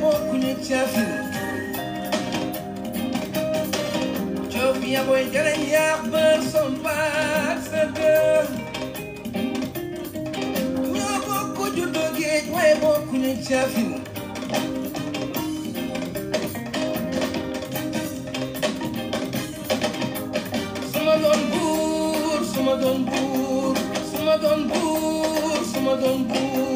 bokkuñu cafin cofi ya yaa bër son baat sa dër ñoo bokku juddu géej waaye bokkuñu cafin suma doon buur suma buur suma buur suma buur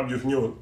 Pape Diouf ñëwal.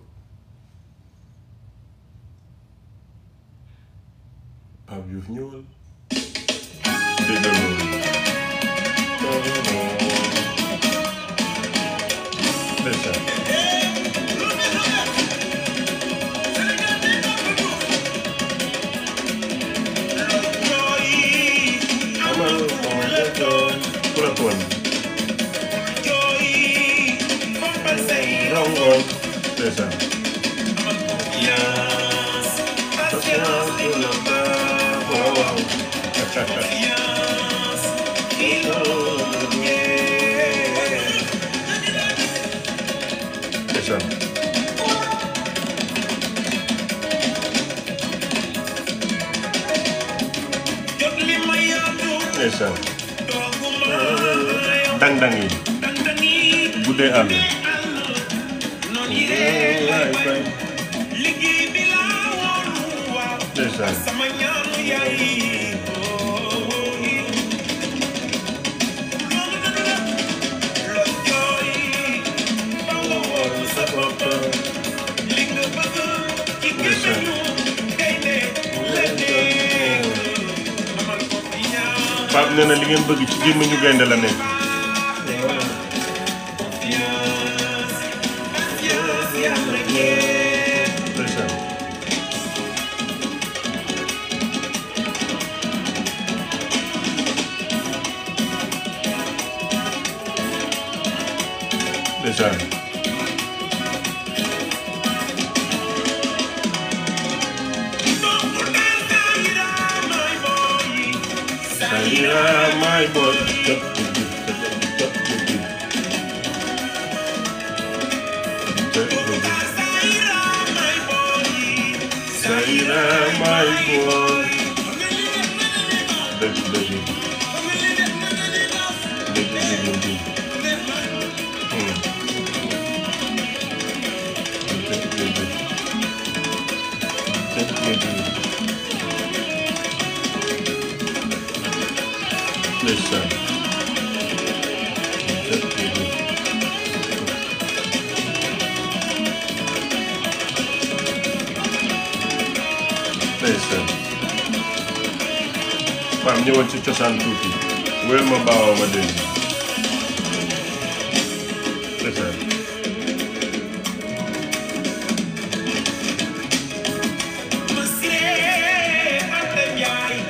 secrétaire.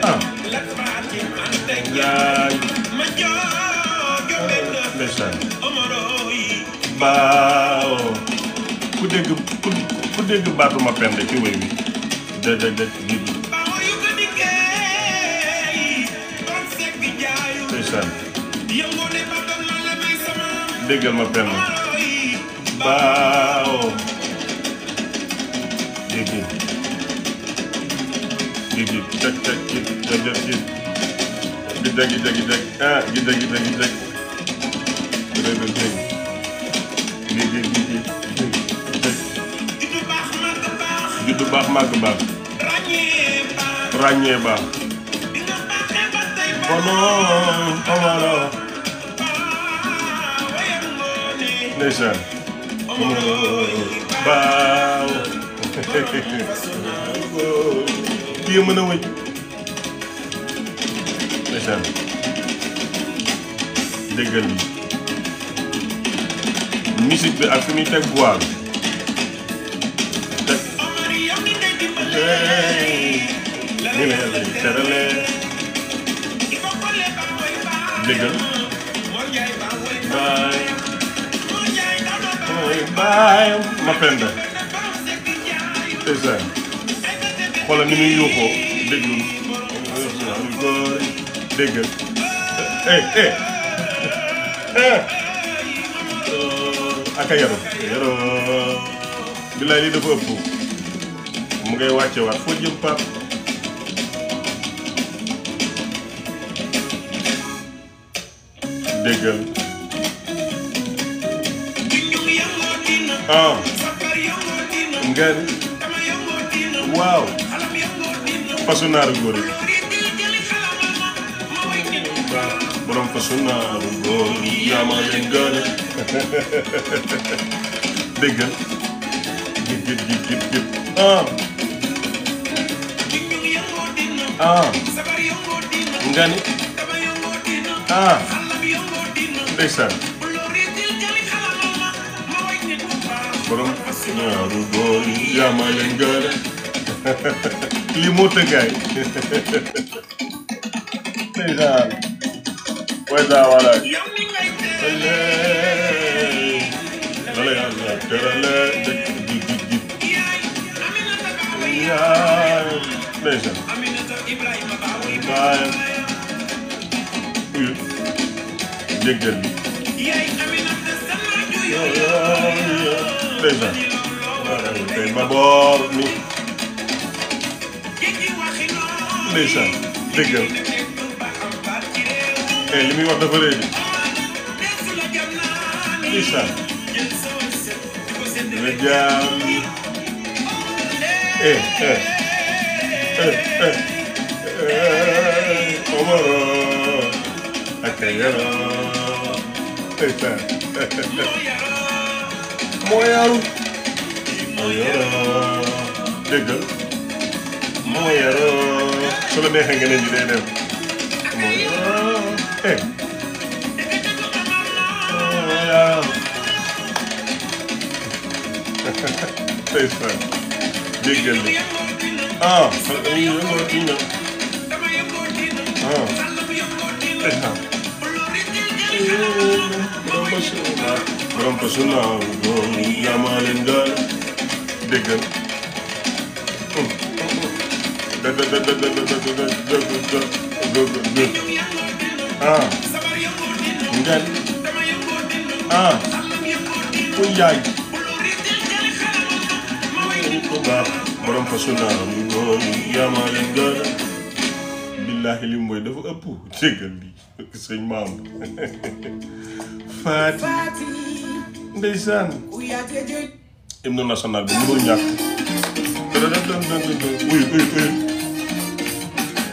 ah. yaay. ndeysaan. baaw. ku dégg ku dégg baatu ma pende ci wéy wi. de de de déggal ma benn baaw déggi déggi teg teg gi dégg ah, gi gi dégg gi dégg dégg ah gi dégg gi dégg gi dégg dégg dégg dégg dégg dégg juddu baax màgg baax ràññee baax bonoon omaro ndeysaan baaw kii mën a wëñ ndeysaan déggal bi musique bi ak fi muy teg bois bi teg ni la yàlla yi terale déggal baayam ma penda ndeysaan xoolal ni muy yuuxoo déglul lu góor déggal eh, eh. eh. aka yaru yaru bilaay lii dafa ëpp mu ngay wàcce waat foo jëm pap déggal ah oh. ngari waaw fasu naaru góor yi borom fasu naaru góor yaa ma leen gane déggal gib gib gib gib gib ah ah ngani ah ndeysaan ñaaru góor yi yaa ma leen gën li moo tëggaay ndeysaan way saa wala lala yàlla tërale dëkk jib jib jib yaa ndeysaan baayam jéggal bi ndeysaan tey ba boor mi ndeysaan dëggal eh, li muy wax dafa rëy bi jaam eh eh eh eh, eh, eh omoro ak yaro ndeysaan moo yaaru moo yaroo déggal moo yaroo su la neexee ngeen di day dem moo yaroo eh ndeysaan déggal li ah xale yi moo dina ah ndeysaan eh, ah. borom ba sunna borom ba sunna borom yaa maa leen gaal déggal da da da da da da da da da borom façon naa mu noonu yaamaa leen gën a billaahi li mooy dafa ëpp jéggal bi sëñ maam faati ndeysaan hymne national bi mënul ñàkk. uy uy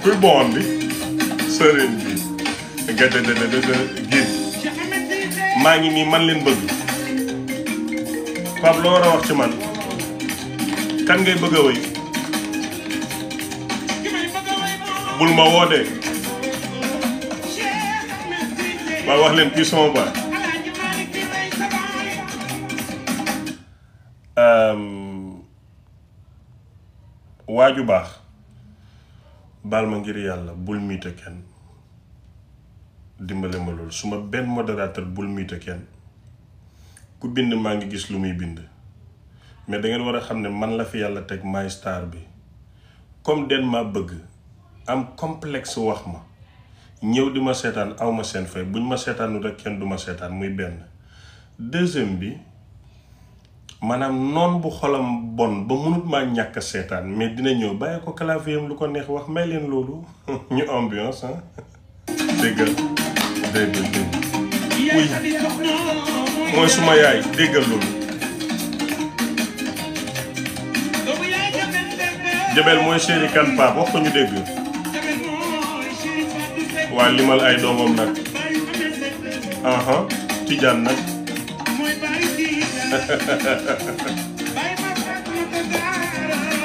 kuy boon bi sëriñ bi gerte de de maa ngi nii man leen bëgg Pape loo war a wax ci man kan ngay bëgg a bul ma woo de wax leen kii sama baay waa ju baax baal ma ngir yàlla bul miite kenn dimbale ma loolu su ma benn modérateur bul miite kenn ku bind maa ngi gis lu muy bind mais da ngeen war a xam ne man la fi yàlla teg maay star bi comme den ma bëgg am complexe wax ma ñëw di ma seetaan awma seen fay buñ ma seetaanu rek kenn du ma seetaan muy benn deuxième bi maanaam noon bu xolam bon ba munut maa ñàkk seetaan mais dina ñëw bàyyi clavier am lu ko neex wax may leen loolu ñu ambiance ah déggal déggal dégg mooy yaay déggal loolu jabel mooy chéri kan wax ko ñu dégg waa limal ay doomam nag aha nag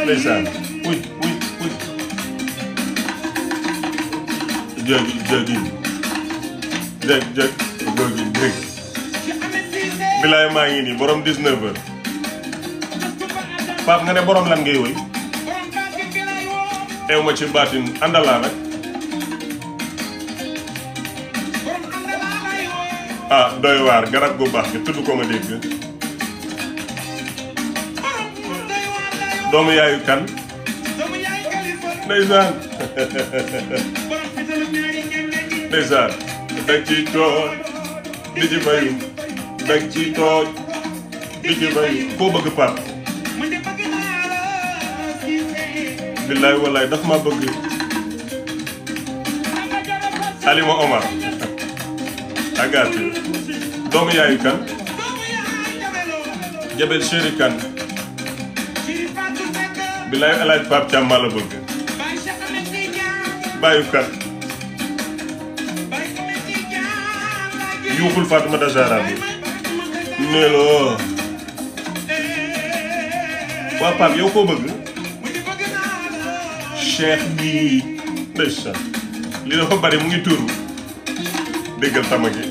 ndeysaan uy uy uy jég jéggiin jég jég jéggiin jég bilaay maa ngi nii borom 19 heures Pape nga ne borom lan ngay woy eew ma ci baatin àndalaa nag ah doy waar garab gu baax gi tudd ko ma dégg doom yaayu kan. doomu yaayu kan. ndeysaan. ndeysaan. dag ci tooj di ci mayu. dag ci tooj di ci mayu. koo bëgg Pape. billaay walaay daf maa bëgg. Alima Omar. Agathie. doomu yaayu kan. Jabel Chéri kan. bilaay alaaj Pape Thiam maa la bëgg bàyyukat yuuxul Fatoumata Zahra bi waa Pape yow koo bëgg cheikh bi ndeysaan li dafa bari mu ngi tuuru déggal tama gi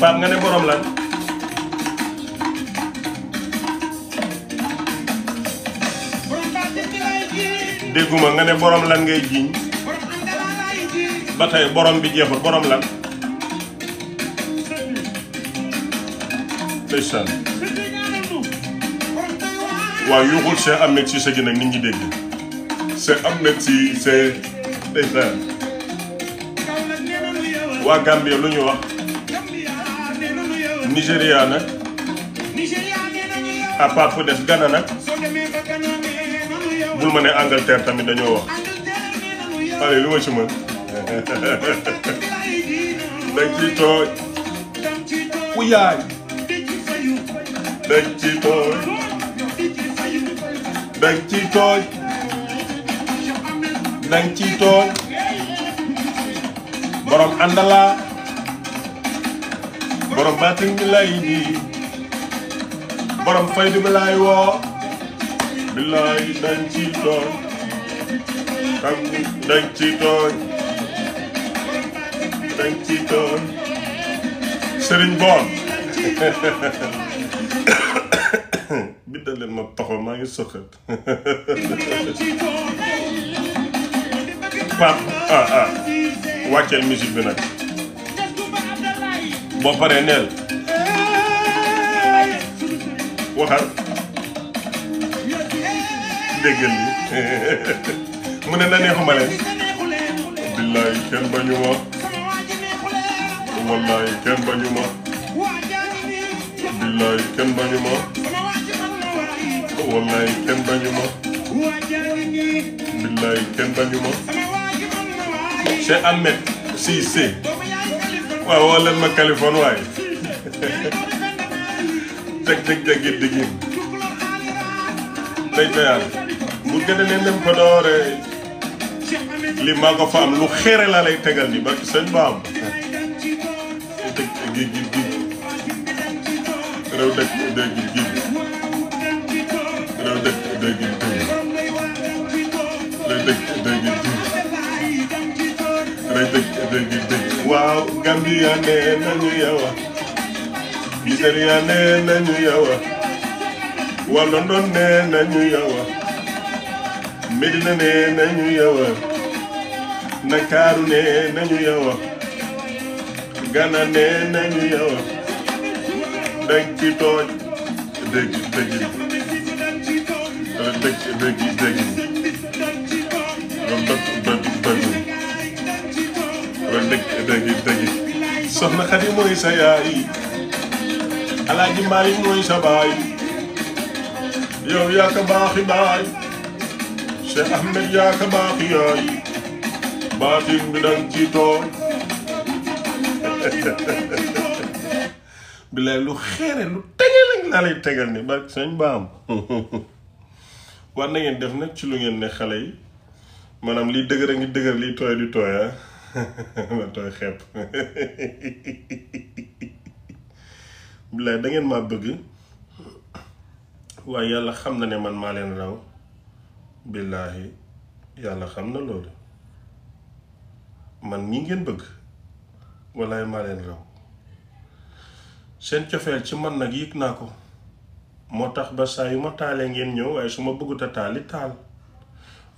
Pape nga ne borom lan dégguma nga ne borom lan ngay jiiñ ba tey borom bi jeexul boroom lan ndeysaan waaw yuuxul Cheikh Ahmed Cissé gi nag nit ñi dégg Cheikh Ahmed Cissé ndeysaan waa Gambie lu ñu wax Nigéria nag à fu def Ghana nag bul ma ne Angleterre tamit dañoo wax allez lu ma ci mën dañ ci tooñ ku yaay dañ ci tooñ dañ ci tooñ dañ ci tooñ borom àndala borom baatin bi borom faydu bi woo billaay dañ ci tooñ xam ni dañ ci tooñ dañ ci tooñ sëriñ boon biddal leen ma toxo maa ngi sëqat pap ah ah wàcceel musique bi nag boo paree neel waxal déggal yi mu ne na neexuma leen billaay kenn bañu ma wallaay kenn bañu ma billaay kenn bañu ma wallaay kenn bañu ma billaay kenn bañu ma Cheikh Ahmed Cissé waaw woo leen ma Kaliphone waaye jag jag jag it digin tey teyaan gën a leen dem ko doore li maa ko fa am lu xeere laa lay tegal ni barki sëñ baam dëg gi gi gi réew dëg dëg gi gi réew dëg dëg gi gi réew dëg dëg gi gi réew dëg dëg gi gi waaw Gambia nee nañu yawa Nigeria nee nañu yawa Walondon nee nañu yawa Medina ne nañu yow Ndakaaru ne nañu yow Gana ne nañu yow dëgg ci tooñ dëgg dëgg dëgg dëgg dëgg dëgg dëgg soxna Xadi mooy sa yaay Alaaji Maalik mooy sa baay yow yaa baaxi baay Cheikh Ahmed Diatta baax yaay baatin bi dang ci tool bilaay lu xeere lu tegal lañ laa lay tegal ni barke sañ baam war na ngeen def nag ci lu ngeen ne xale yi maanaam liy dëgër a ngi dëgër liy tooy di tooy ma ah. tooy xepp bilaay da maa bëgg waaye yàlla xam na ne man maa leen raw billaahi yàlla xam na loolu man ñi ngeen bëgg walaay maa leen raw seen cofeel ci man nag yëg naa ko moo tax ba saa yu ma taalee ngeen ñëw waaye su ma bëggut a taali taal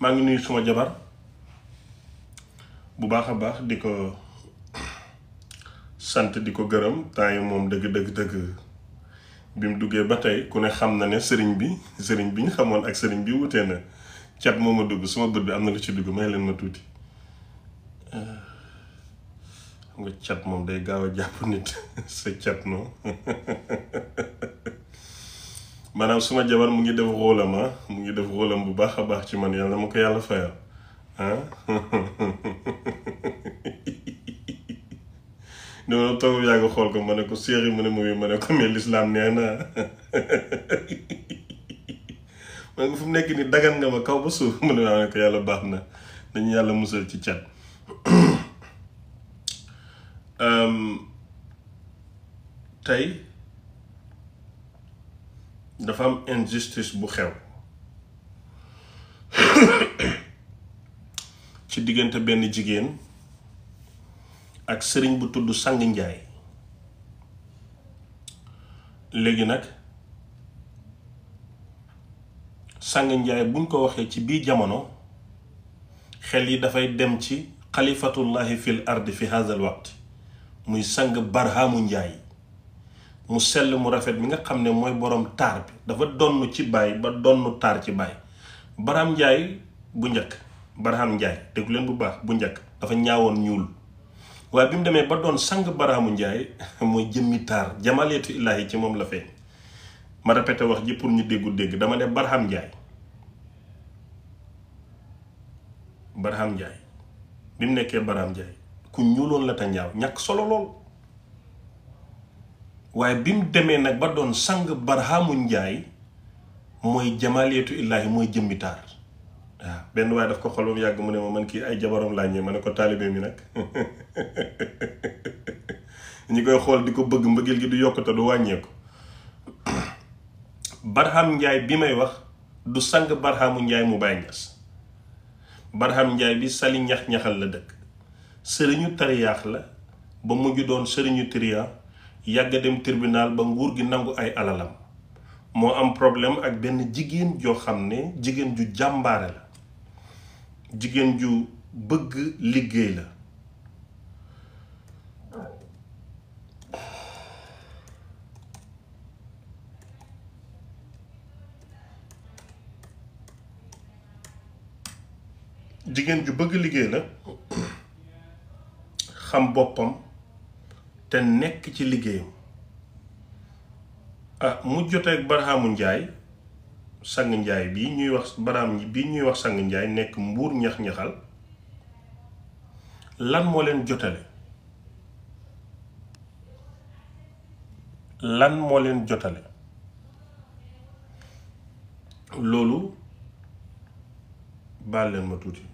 maa ngi nuy suma jabar bu baax a baax di ko sant di ko gërëm temps yi moom dëgg dëgg dëgg bi mu duggee ba tey ku ne xam na ne sëriñ bi sëriñ bi ñu xamoon ak sëriñ bi wute na cat moo ma dugg suma bët bi am na lu ci dugg may leen ma tuuti xam nga cat moom day gaaw a jàpp nit sa cat noonu maanaam suma jabar mu ngi def rôlam ah mu ngi def rôlam bu baax a baax ci man yàlla ma ko yàlla fayal ah dama toog xool ko ma ne ko séeri mu ne mu ma ne ko mais lislaam nee na ma ne ko mu nekk nii dagan nga ma kaw ba suuf mu ne naa ko yàlla baax na dañu yàlla musal ci cat tey dafa am injustice bu xew ci diggante benn jigéen ak sëriñ bu tudd Sang Njaay léegi nag Sàng Njaay buñ ko waxee ci biir jamono xel yi dafay dem ci xalifatullahi fil ardi fi haazal waqt muy sang barhaamu njaay mu sell mu rafet mi nga xam ne mooy borom taar bi dafa donn ci baay ba donn taar ci baay barham njaay bu njëkk barham njaay déglu leen bu baax bu njëkk dafa ñaawoon ñuul waaye bi mu demee ba doon sang barhaamu njaay mooy jëmmi taar jamaleetu ilaahi ci moom la feeñ ma répété wax ji pour ñu déggu dégg dama ne barham njaay Barham Ndiaye bi mu nekkee Barham Ndiaye ku ñuuloon la te ñàkk solo lool waaye bi mu demee nag ba doon sang Barhamu Ndiaye mooy jamaleetu illaahi mooy jëmmi taar waaw benn waaye daf ko xol yàgg mu ne ma man kii ay jabaram làññee ma ne ko taalibe mi nag ñi koy xool di ko bëgg mbëggeel gi du yokk te du wàññeeku Barham Ndiaye bi may wax du sang Barhamu Ndiaye mu bàyyi ñas Barham Njaay bi sali ñax-ñaxal la dëkk sëriñu tariyaax la ba mujj doon sëriñu tiriyaa yàgg dem tribunal ba nguur gi nangu ay alalam moo am problème ak benn jigéen joo xam ne jigéen ju jàmbaare la jigéen ju bëgg liggéey la jigéen ju bëgg liggéey la xam boppam te nekk ci liggéeyam ah mu jotee ak barhaamu njaay sang njaay bii ñuy wax baraam bii ñuy wax sang njaay nekk mbuur ñax-ñaxal lan moo leen jotale lan moo leen jotale loolu baal leen ma tuuti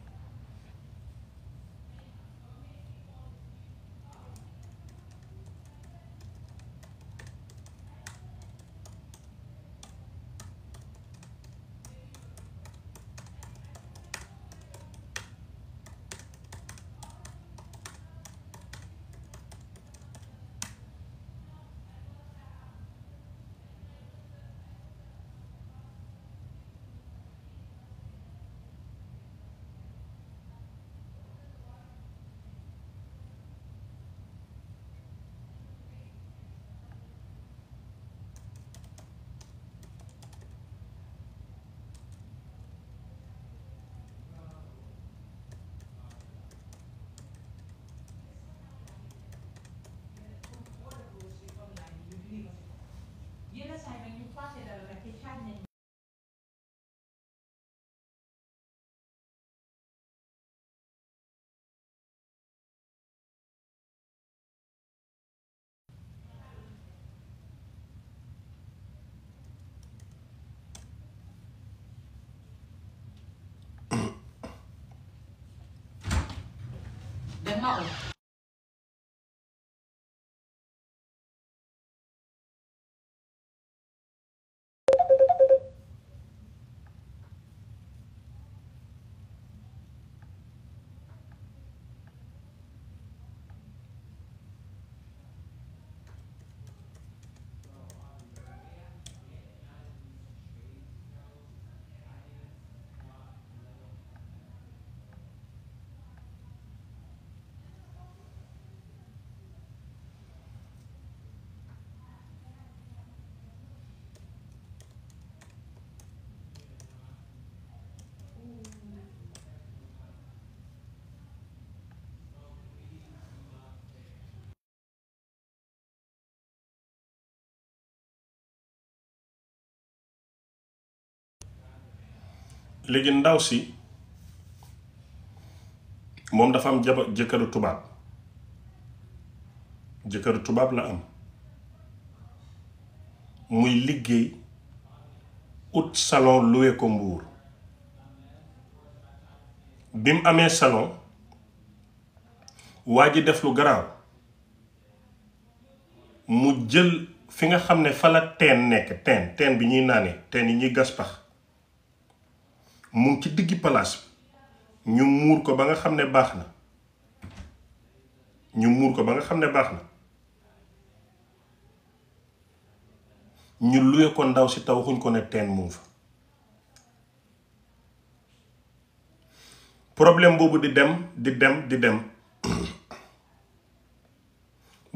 léegi ndaw si moom dafa am jaba jëkkëru tubaab jëkkëru tubaab la am muy liggéey ut salon loué ko mbuur bi mu amee salon waa ji def lu garaaw mu jël fi nga xam ne fa la teen nekk teen teen bi ñuy naane teen yi ñuy gas pax mu ci diggi palaas bi ñu muur ko ba nga xam ne baax na ñu muur ko ba nga xam ne baax na ñu luye ko ndaw si taw ko ne teen mu fa problème boobu di dem di dem di dem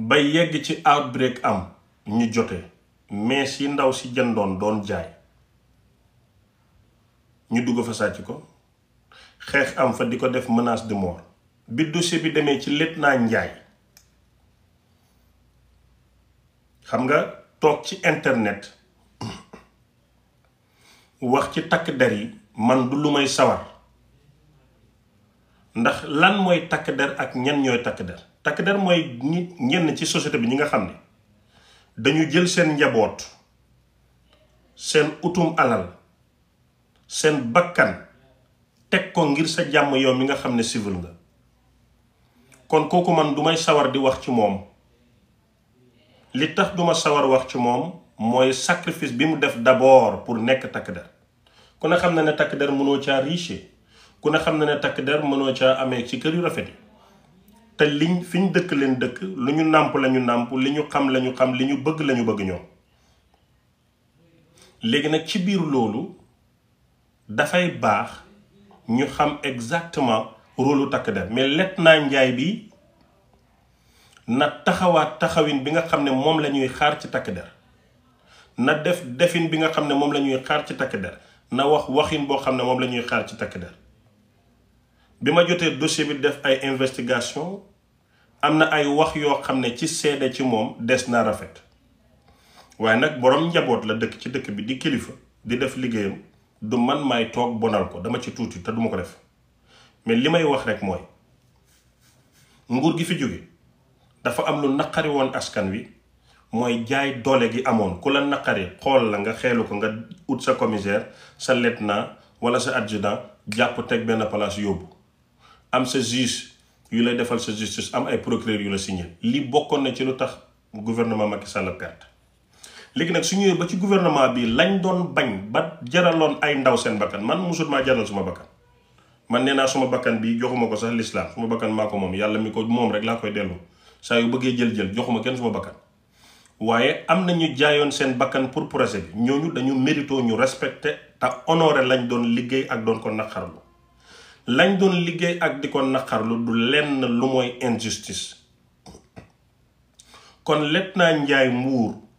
ba yegg ci outbreak am ñu jote mais si ndaw si jëndoon doon jaay ñu dugg fa sàcc ko xeex am fa di ko def menace de mort bi dossier bi demee ci létt naa Njaay xam nga toog ci internet wax ci takk der yi man du lu may sawar ndax lan mooy takk der ak ñan ñooy takk der takk der mooy ñi ñenn ci société bi ñi nga xam ne dañu jël seen njaboot seen utum alal seen bakkan teg ko ngir sa jàmm yow mi nga xam ne civil nga kon kooku man dumay may sawar di wax ci moom li tax duma sawar wax ci moom mooy sacrifice bi mu def d'abord pour nekk takk der ku ne xam na ne takk mënoo caa riche ku ne xam na ne takk der mënoo caa amee ci kër yu rafet te liñ fiñ dëkk leen dëkk lu ñu nàmp la ñu nàmp li ñu xam lañu xam li ñu bëgg lañu bëgg ñoom léegi nag ci biir loolu dafay baax ñu xam exactement rôle lu takk der mais naa Njaay bi na taxawaat taxawin bi nga xam ne moom la ñuy xaar ci takk der na def defin bi nga xam ne moom la ñuy xaar ci takk na wax waxin boo xam ne moom la ñuy xaar ci takk der bi ma jotee dossier bi def ay investigation am na ay wax yoo xam ne ci seede ci moom des na rafet waaye nag boroom njaboot la dëkk ci dëkk bi di kilifa di def liggéeyam du man maay toog bonal ko dama ci tuuti te duma ko def mais li may wax rek mooy nguur gi fi jóge dafa am lu naqari woon askan wi mooy jaay doole gi amoon ku la naqari xool la nga xeelu ko nga ut sa commissaire sa lieutenant wala sa adjudant jàpp teg benn place yóbbu am sa juge yu lay defal sa justice am ay procureur yu la signé li bokkoon na ci lu tax gouvernement Macky Sall perte léegi nag su ñëwee ba ci gouvernement bi lañ doon bañ ba jaraloon ay ndaw seen bakkan man musul maa jaral suma bakkan man nee naa suma bakkan bi joxuma ko sax lislaam suma bakkan maa ko moom yàlla mi ko moom rek laa koy dellu saa yu bëggee jël-jël joxuma kenn suma bakkan waaye am na ñu jaayoon seen bakkan pour projet bi ñooñu dañu mérito ñu respecté te honoré lañ doon liggéey ak doon ko naqarlu lañ doon liggéey ak di ko naqarlu du lenn lu mooy injustice kon let naa njaay mbuur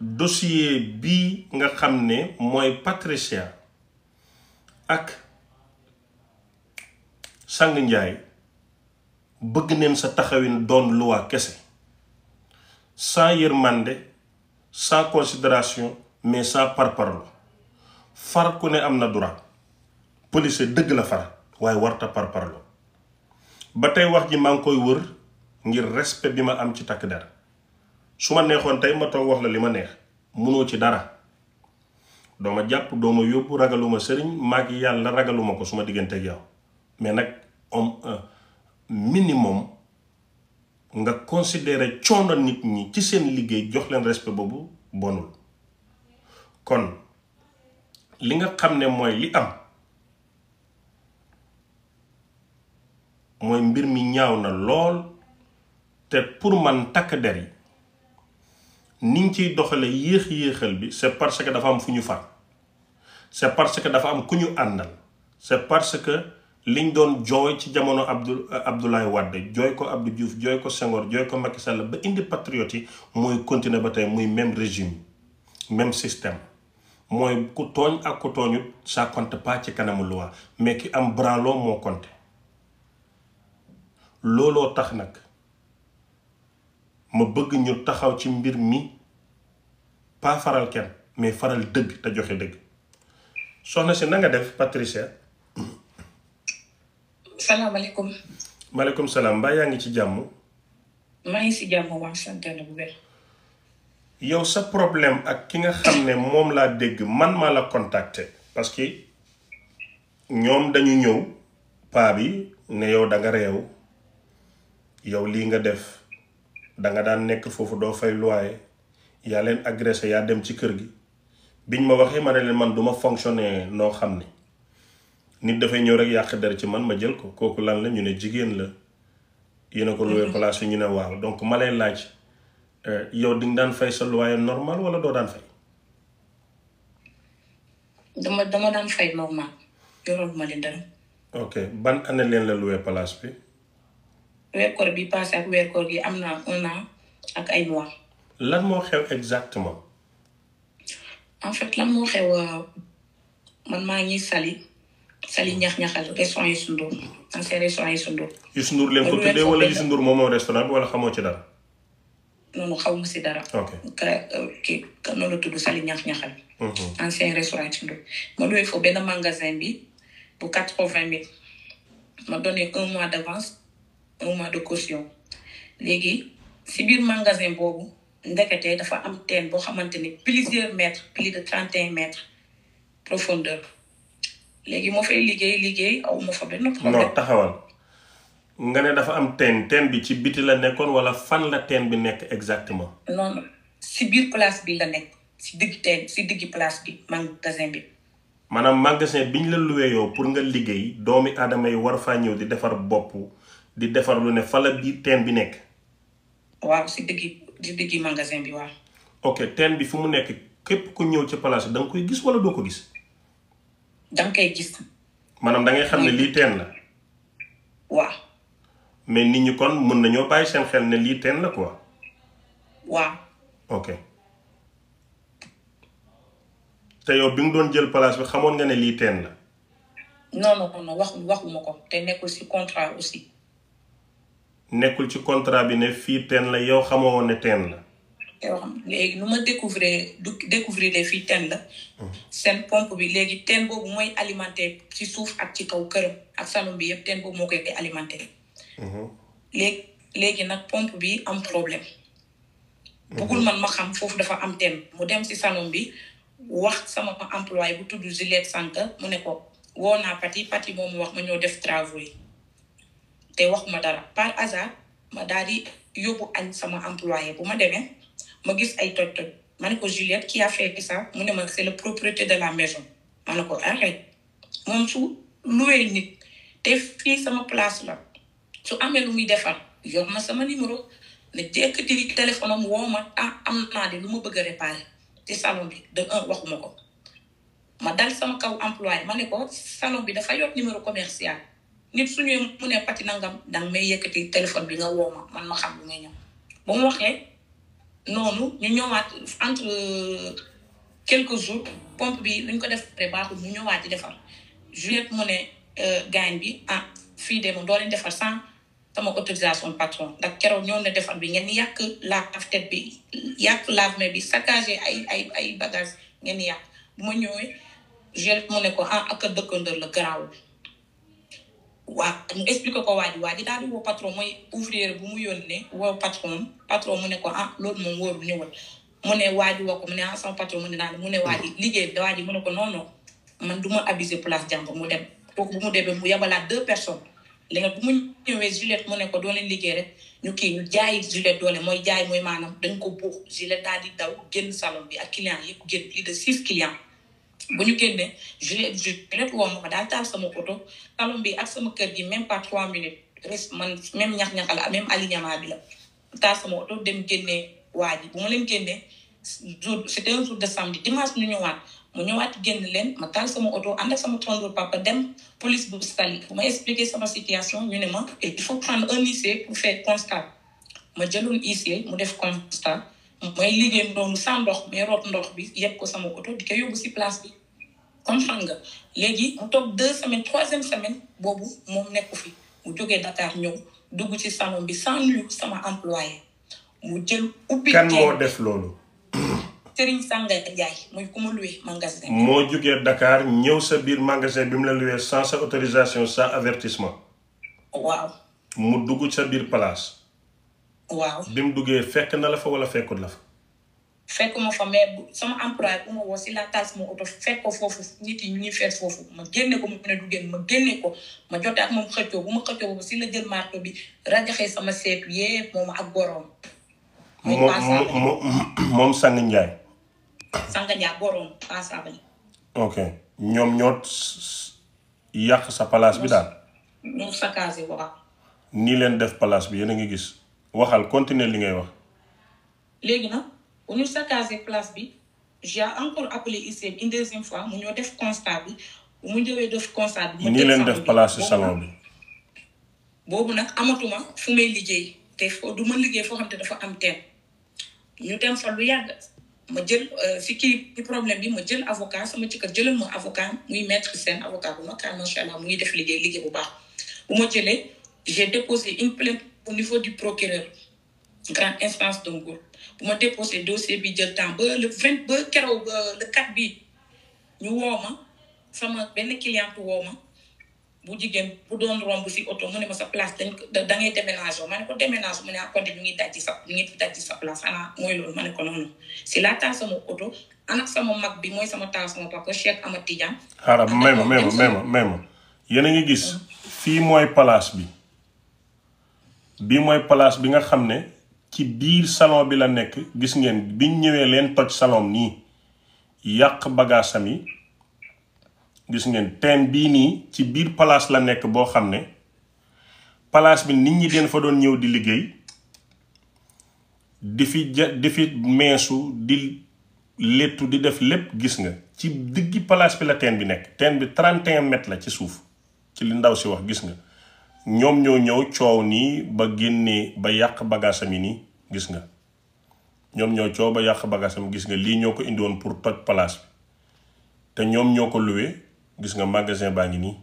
dossier bii nga xam ne mooy Patricia ak Sang Ndiaye bëgg neen sa taxawin doon luwaa kese sans yërmande sans considération mais sans parparlo far ku ne am na droit police dëgg la far waaye warta parparlo ba tey wax ji maa ngi koy wër ngir respect bi ma am ci takk der su ma neexoon tey ma toog wax la li ma neex munoo ci dara dooma jàpp dooma yóbbu ragaluma sëriñ maag yàlla ragaluma ko suma diggante ak mais nag om euh, minimum nga considérer coono nit ñi ci seen liggéey jox leen respect boobu bonul kon li nga xam ne mooy li am mooy mbir mi ñaaw na lool te pour man takk der yi ni ñu ciy doxale yéex yéexal bi c'est parce que dafa am fu ñu far c'est parce que dafa am ku ñu àndal c'est parce que liñ doon jooy ci jamono Abdou Abdoulaye Wade jooy ko Abdou Diouf jooy ko Senghor jooy ko Macky Sall ba indi patriote yi mooy continuer ba tey muy même régime même système mooy ku tooñ ak ku tooñut ça compte pas ci kanamu loi mais ki am bralo moo compte looloo tax nag ma bëgg ñu taxaw ci mbir mi pas faral kenn mais faral dëgg te joxe dëgg soxna si nanga def Patricia. salaamaaleykum. maaleykum salaam mbay yaa ngi ci jàmm. maa ngi si jàmm waa sant na bu wér. yow sa problème ak ki nga xam ne moom laa dégg man maa la contacter parce que ñoom dañu ñëw paa bi ne yow danga nga yow lii nga def. danga daan nekk foofu doo fay loyer yaa leen agressé yaa dem ci kër gi biñ ma waxee ma leen man du ma fonctionner noo xam ne nit dafay ñëw rek yàq der ci man ma jël ko kooku lan la ñu ne jigéen la yéena ko loué mm-hmm. place ñu ne waaw donc ma lay laaj euh, yow di daan fay sa loyer normal wala doo daan fay. dama daan fay normal yoroo ma leen dara. ok ban année leen la loué place bi. weer bi passé ak weer koor am naa ak ay mois. lan moo xew exactement. en fait lan moo xew euh, man maa ngi sali sali ñax-ñaxal restaurant yi sundur ancien restaurant yi sundur. yu sundur leen ko tuddee wala yu bi xaw ma si dara. ok euh, kii ka noonu la tudd ñax-ñaxal. Mhm. ancien restaurant yi bi bu quatre-vingt mille ma donné un mois d'avance. un de caution léegi si biir magasin boobu ndekete dafa am teen boo xamante ni plusieurs mètres plus de trente mètres profondeur léegi moo fay liggéey liggéey aw ma fa benn problème. nga ne dafa am teen bi ci biti la nekkoon wala fan la teen bi nekk exactement. non non si biir place bi la nekk si digg teen si digg place bi magasin bi. maanaam magasin biñ la luwee yow pour nga liggéey doomi aadama yi war faa ñëw di defar bopp. di defar lu ne fala di biir teen bi nekk. waaw si diggi si diggi magasin bi waaw. ok teen bi fu mu nekk képp ku ñëw ci palaas da nga koy gis wala doo ko gis. da koy gis. maanaam dangay xam ne lii teen la. waaw. mais nit ñi kon mën nañoo bàyyi seen xel ne lii teen la quoi. waaw. ok te yow bi nga doon jël palaas bi xamoon nga ne lii teen la. non non non waxuma ko te nekkul ci contrat aussi. nekkul ci contrat bi ne fii teen la yow xamoo woon ne teen la. yow xam léegi nu ma découvrir du découvrir fii teen la. seen pompe bi léegi teen boobu mooy alimentaire ci suuf ak ci kaw këram ak salon bi yëpp teen moo koy alimenter. Mhm. léegi léegi nag pompe bi am problème. bëggul man ma xam foofu dafa am teen mu dem si salon bi wax sama employé bu tudd Juliette Sank mu ne ko woo naa Pati Pati moom wax ma ñoo def travaux te waxuma dara par hasard ma daal di yóbbu añ sama employé bu ma demee ma gis ay toj-toj ma ne ko Juliette qui affaire bi ça mu ne ma c'est le propriété de la maison ma ne ko arrête moom su loué nit te fii sama place la su amee lu muy defar yor ma sama numéro ne jekk di téléphone am woo ma ah, am naa de lu ma bëgg a ci salon bi de un waxuma ko ma dal sama kaw employé ma ne ko salon bi dafa yor numéro commercial nit suñu mu ne pati nangam danga may yëkkati téléphone bi nga woo ma man ma xam lu may ñëw ba mu waxee noonu ñu ñëwaat entre euh, jours pompe bi luñ ko def baaxul ñu ñëwaat di defar Juliette mu ne euh, gaañ bi ah fii de moom doo leen sama autorisation patron ndax keroog ñëw na defar bi ngeen yàq laaf tête bi yàq lave bi saccagé ay ay ay bagage ngeen yàq bu ma ñëwee Juliette mu ne ko ah ak dëkkandër la garaawul waa mu expliqué ko waa ji waa daal di woo patron mooy ouvrier bu mu yónnee woo patron patron mu ne ko ah loolu moom wóorul ñëwal mu ne waa ji woo ko mu ne ah sama patron mu ne naa mu ne waa liggéey waa ji mu ne ko non non man du ma abusé place jàmbur mu dem kooku bu mu demee mu yabalaat deux personnes léegi bu mu ñëwee Juliette mu ne ko doo leen liggéey rek ñu kii ñu jaayi Juliette doole mooy jaay mooy maanam dañ ko buux Juliette daal di daw génn salon bi ak client yëpp génn plus de six bu ñu génnee Juliette Juliette woo ma ma daal taal sama oto salon bi ak sama kër gi même pas trois minutes res man même ñax-ñax la même alignement bi la taal sama oto dem génnee waa ji bu ma leen génnee jour c'était un jour de samedi dimanche ñu ñëwaat mu ñëwaat génn leen ma oto ànd ak sama tonton papa dem police bu Saly ma expliquer sama situation ñu ne ma il faut prendre un huissier pour faire constat ma jëloon huissier mu def constat mooy liggéey ndox mu sans ndox mais root ndox bi yëpp ko sama oto di ko yóbbu si place bi comprendre nga léegi mu toog deux semaines troisième semaine boobu moom nekku fi mu jógee Dakar ñëw dugg ci salon bi sans nuyu sama employé mu jël ubbi. moo def loolu. Serigne Sanga Ndiaye muy ku ma luwee magasin. moo jógee Dakar ñëw sa biir magasin bi mu la luwee sans sa autorisation sa avertissement. waaw. mu dugg sa biir place. waaw bi mu duggee fekk na la fa wala fekkut la fa. fekkuma fa mais sama employé bu ma woo si la taal sama oto fekk ko foofu nit yi ñu ngi fees foofu ma génne ko mu mën a du génn ma génne ko ma jote ak moom xëccoo bu ma xëccoo boobu si la jël marto bi rajaxee sama seetu yépp moom ak boroom. moom sang njaay sang njaay boroom paasabali ñoom ñoo yàq sa palaas bi daal ñoo saccagé waaw nii leen def palaas bi yéen a ngi gis waxal continuer li ngay wax léegi nag bu ñu saccagé place bi j'ai encore appelé ICM une deuxième fois mu ñoo def constat mu ñëwee def constat bi. mu nii leen def place salon bi boobu nag amatuma fu may liggéey te foo du ma liggéey foo xam te dafa am teen ñu dem fa lu yàgg ma jël euh, si kii problème bi ma jël avocat sama ci kër jëlal ma avocat muy maître seen avocat bu ma kaa macha allah mu ngi def liggéey liggéey bu baax bu ma jëlee j'ai déposé une plainte au niveau du procureur. grand espace Dongour bu ma déposé dossier bi jël temps ba le vingt ba keroog le quatre bi ñu woo ma sama benn cliente woo ma bu jigéen bu doon romb si oto mu ne ma sa ko da ngay déménagé ma ne ko ah, ngi daj sa ñu ngi daj sa place ana mooy loolu ma ne ko noonu si laa taal sama oto ana sama mag bi mooy sama taal sama papa Cheikh Amath Tidiane. xaaral may ma may ma may ma may ma yéen ngi gis. Mm. fii mooy place bi. bii mooy place bi nga xam ne. ci biir salon bi la nekk gis ngeen bi ñëwee leen toj salon nii yàq bagaasam yi gis ngeen teen bii nii ci biir palaas la nekk boo xam ne palaas bi nit ñi den fa doon ñëw di liggéey di fi ja di fi meesu di léttu di def lépp gis nga ci diggi palaas bi la teen bi nekk teen bi 31 mètres la ci suuf ci li ndaw si wax gis nga ñoom ñoo ñëw coow nii ba génnee ba yàq bagaasam yi nii gis nga ñoom ñoo coow ba yàq bagaasam gis nga lii ñoo ko indiwoon pour toj place te ñoom ñoo ko luwe gis nga magasin baa ngi nii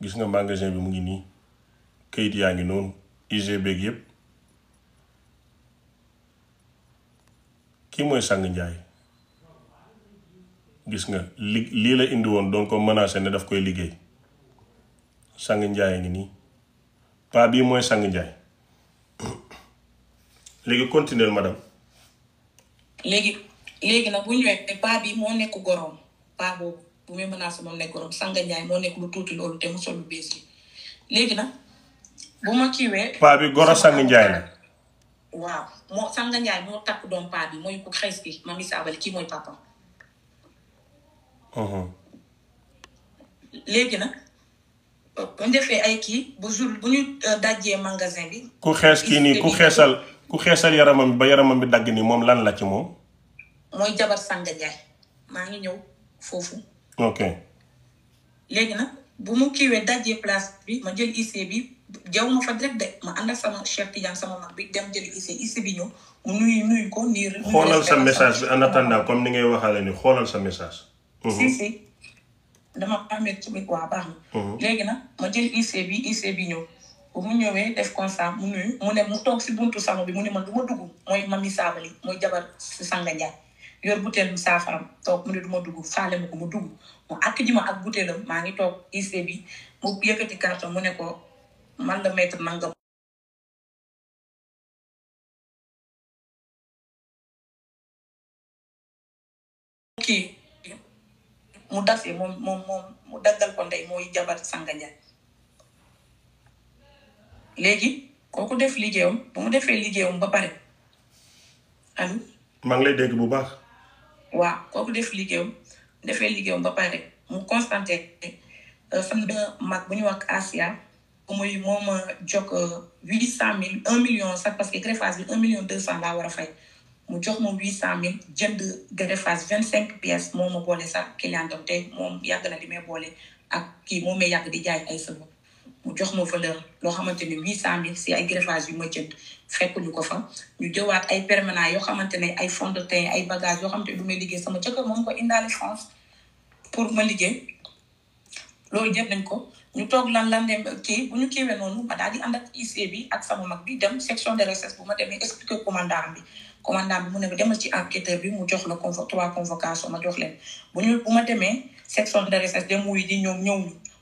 gis nga magasin bi mu ngi nii kayit yaa ngi noonu UGB gi yépp kii mooy sang njaay gis nga li lii la indi woon doon ko menacé ne daf koy liggéey sang njaay ngi nii paa bii mooy sang njaay léegi continuer madame léegi léegi nag bu ñëwee paa bi moo nekk goroom paa boobu bu muy menacé moom nekk goroom sang njaay moo nekk lu tuuti loolu te mu sol lu yi léegi na bu ma kiiwee paa bi goro sang njaay la waaw moo sang njaay moo takk doom paa bi mooy ku xees bi mami saabale kii mooy papa uh-huh. léegi na bu ñu defee ay kii bu jour bu ñu euh, dajjee magasin bi. ku xees kii nii ku xeesal ku xeesal yaramam ba yaramam bi dagg nii moom lan la ci moom. mooy jabar Sanga maa ngi ñëw foofu. ok. léegi nag bu mu kiiwee dajjee place bi ma jël IC bi jaw ma fa de ma ànd ak sama Cheikh sama mag bi dem jël IC IC bi ñëw mu nuyu nuyu ko. niir xoolal sa message bi en attendant comme ni ngay waxaale ni xoolal sa message. si mhm. si. dama amee ci biir waa baax na. Mhm. léegi nag ma jël IC bi IC bi ñëw. bu mu ñëwee def constat mu nuyu mu ne mu toog si buntu sangu bi mu ne ma dugg mooy mami saabali mooy jabar si sanga njaay yor butéel saafaram toog mu ne du ma dugg faale ma ko mu dugg mu ak ji ak butéelam maa ngi toog IC bi mu yëkkati carton mu ne ko man la maître nangam. kii mu dafee moom moom moom mu daggal ko ndey mooy jabar sanga léegi kooku def liggéeyam bu mu defee liggéeyam ba pare allo. maa ngi lay dégg bu baax. waaw kooku def liggéeyam defee liggéeyam ba pare mu constaté fan euh, na mag bu ñu wax Asia muy moom a euh, jokk euh, huit cent mille un million sax parce que greffage bi un million deux cent laa war a fay. mu jox ma huit cent mille jënd greffage vingt cinq pièces moo ma boole sax client te moom yàgg na li may boole ak kii moom may yàgg di jaay ay sëb mu jox ma valeur loo xamante ne huit cent si ay greffage yu ma jënd fekkuñu ko fa ñu jëwaat ay permanent yoo xamante ne ay fond de teint ay bagage yoo xamante ne du may liggéey sama jëkkër moom ko indaale France pour ma liggéey loolu jël nañ ko ñu toog lan lan dem kii bu ñu kiiwee noonu ma daal di ànd ak IC bi ak sama mag bi dem section de recherche bu ma demee expliquer commandant bi commandant bi mu ne demal ci enquêteur bi mu jox la trois convocation ma jox leen bu ñu bu ma demee section de recherche dem wuy di ñoom ñëw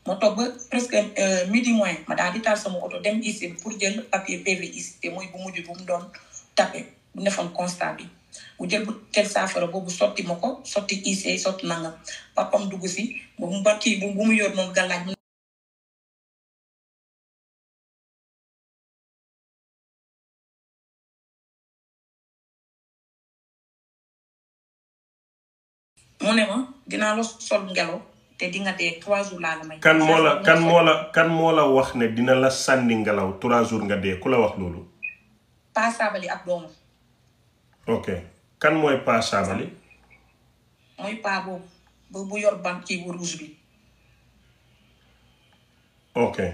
ma toog ba presque euh, midi moins ma daal pour jël papier bu mujj bu mu doon tapé bu defoon constat bi bu jël bu tel saafara boobu sotti ma ko sotti ICP sotti nangam papam dugg si bu mu barki bu mu yor noonu gàllaaj mu ne ma dinaa la sol ngelaw te di dee trois jours laa la may. kan moo la kan moo la kan moo la wax ne dina la sànni ngelaw trois jours nga dee ku la wax loolu. Paa Sabali ak doomam. mooy Paa Sabali. mooy ci rouge bi. ok ah.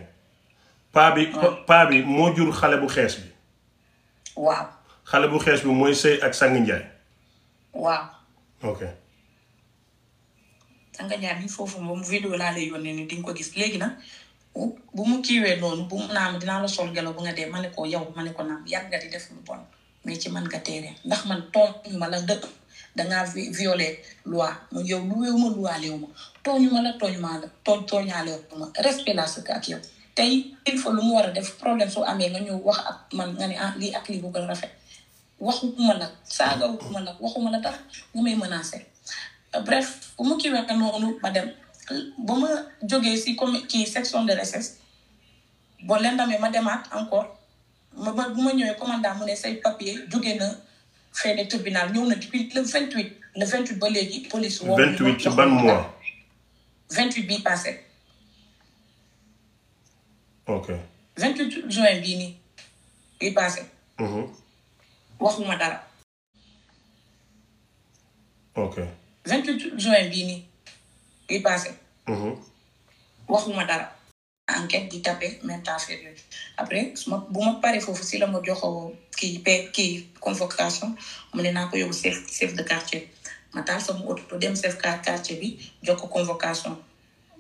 paa bi moo jur xale bu xees bi. waaw xale bu xees bi mooy sëy ak Sangi Njaay. waaw. nga ñaar bi foofu moom vidéo laa lay ne ni di nga ko gis léegi nag bu mu kiiwee noonu bu mu naam dinaa la sol gelo bu nga dee ma ne ko yow ma ne ko naam yàgg nga di def lu bon man nga teeree ndax man tooñ ma la dëkk dangaa violé loi mu yow ma luwaaleew ma ma la tooñ maa la tooñ ma respect laa sëkk ak yow tey il faut lu mu war a def problème su amee nga ñëw wax man nga ne ah lii ak lii rafet waxuma la saagawuma la waxuma la bref mu kiiwee noonu ma dem ba ma jógee si comme kii section de recherche boo leen demee ma demaat encore ma ba bu ma ñëwee commandant mu ne say papier jógee na fenn tribunal ñëw na depuis le 28 le 28 ba léegi. police woo 28 ci ban mois. 28 bii passé. ok. 28 juin bii nii bii passé. Mhm. waxuma dara. ok. vingt huit juin bii nii bii passé. Mhm. waxuma dara. enquête di tapé même temps affaire yooyu après bu ma paree foofu si la ma joxo kii pe kii convocation mu ne naa ko yóbbu chef chef de quartier ma taal sama oto dem chef quartier bi jox ko convocation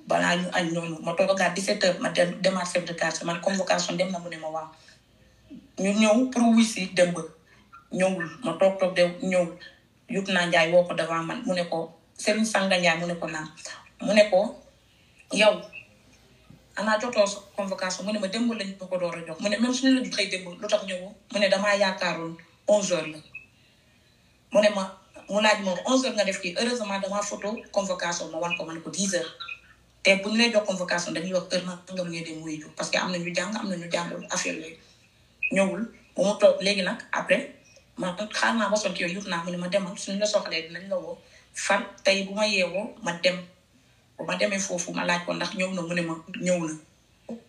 balaa ñu añ noonu ma toogaat 17 heures ma dem de quartier ne ma waaw ñu ñëw pour wuy si dem ñëwul ma toog toog de ñëwul. yub naa njaay woo ko devant man mu ne ko Serigne Sanga Njaay mu ne naan mu ne ko yow anaa jotoo convocation mu ne ma dem lañ ma ko door jox mu ne même suñu la joxee démb lu tax ñëwoo mu ne damaa yaakaaroon onze heures la ma laaj ma onze heures nga def kii heureusement damaa photo convocation ma wan ko ma ne ko dix heures te bu ñu lay jox convocation dañuy wax heure nangam ngay dem wuyu parce que am na ñu jàng am na ñu jàngul affaire yooyu ñëwul ba toog léegi nag après ma xaar naa ba sonn yow yóbbu naa mu ne ma demal suñu la soxlee dinañ la woo far tey bu ma yeewoo ma dem bu ma demee foofu ma laaj ko ndax ñëw na mu ne ma ñëw na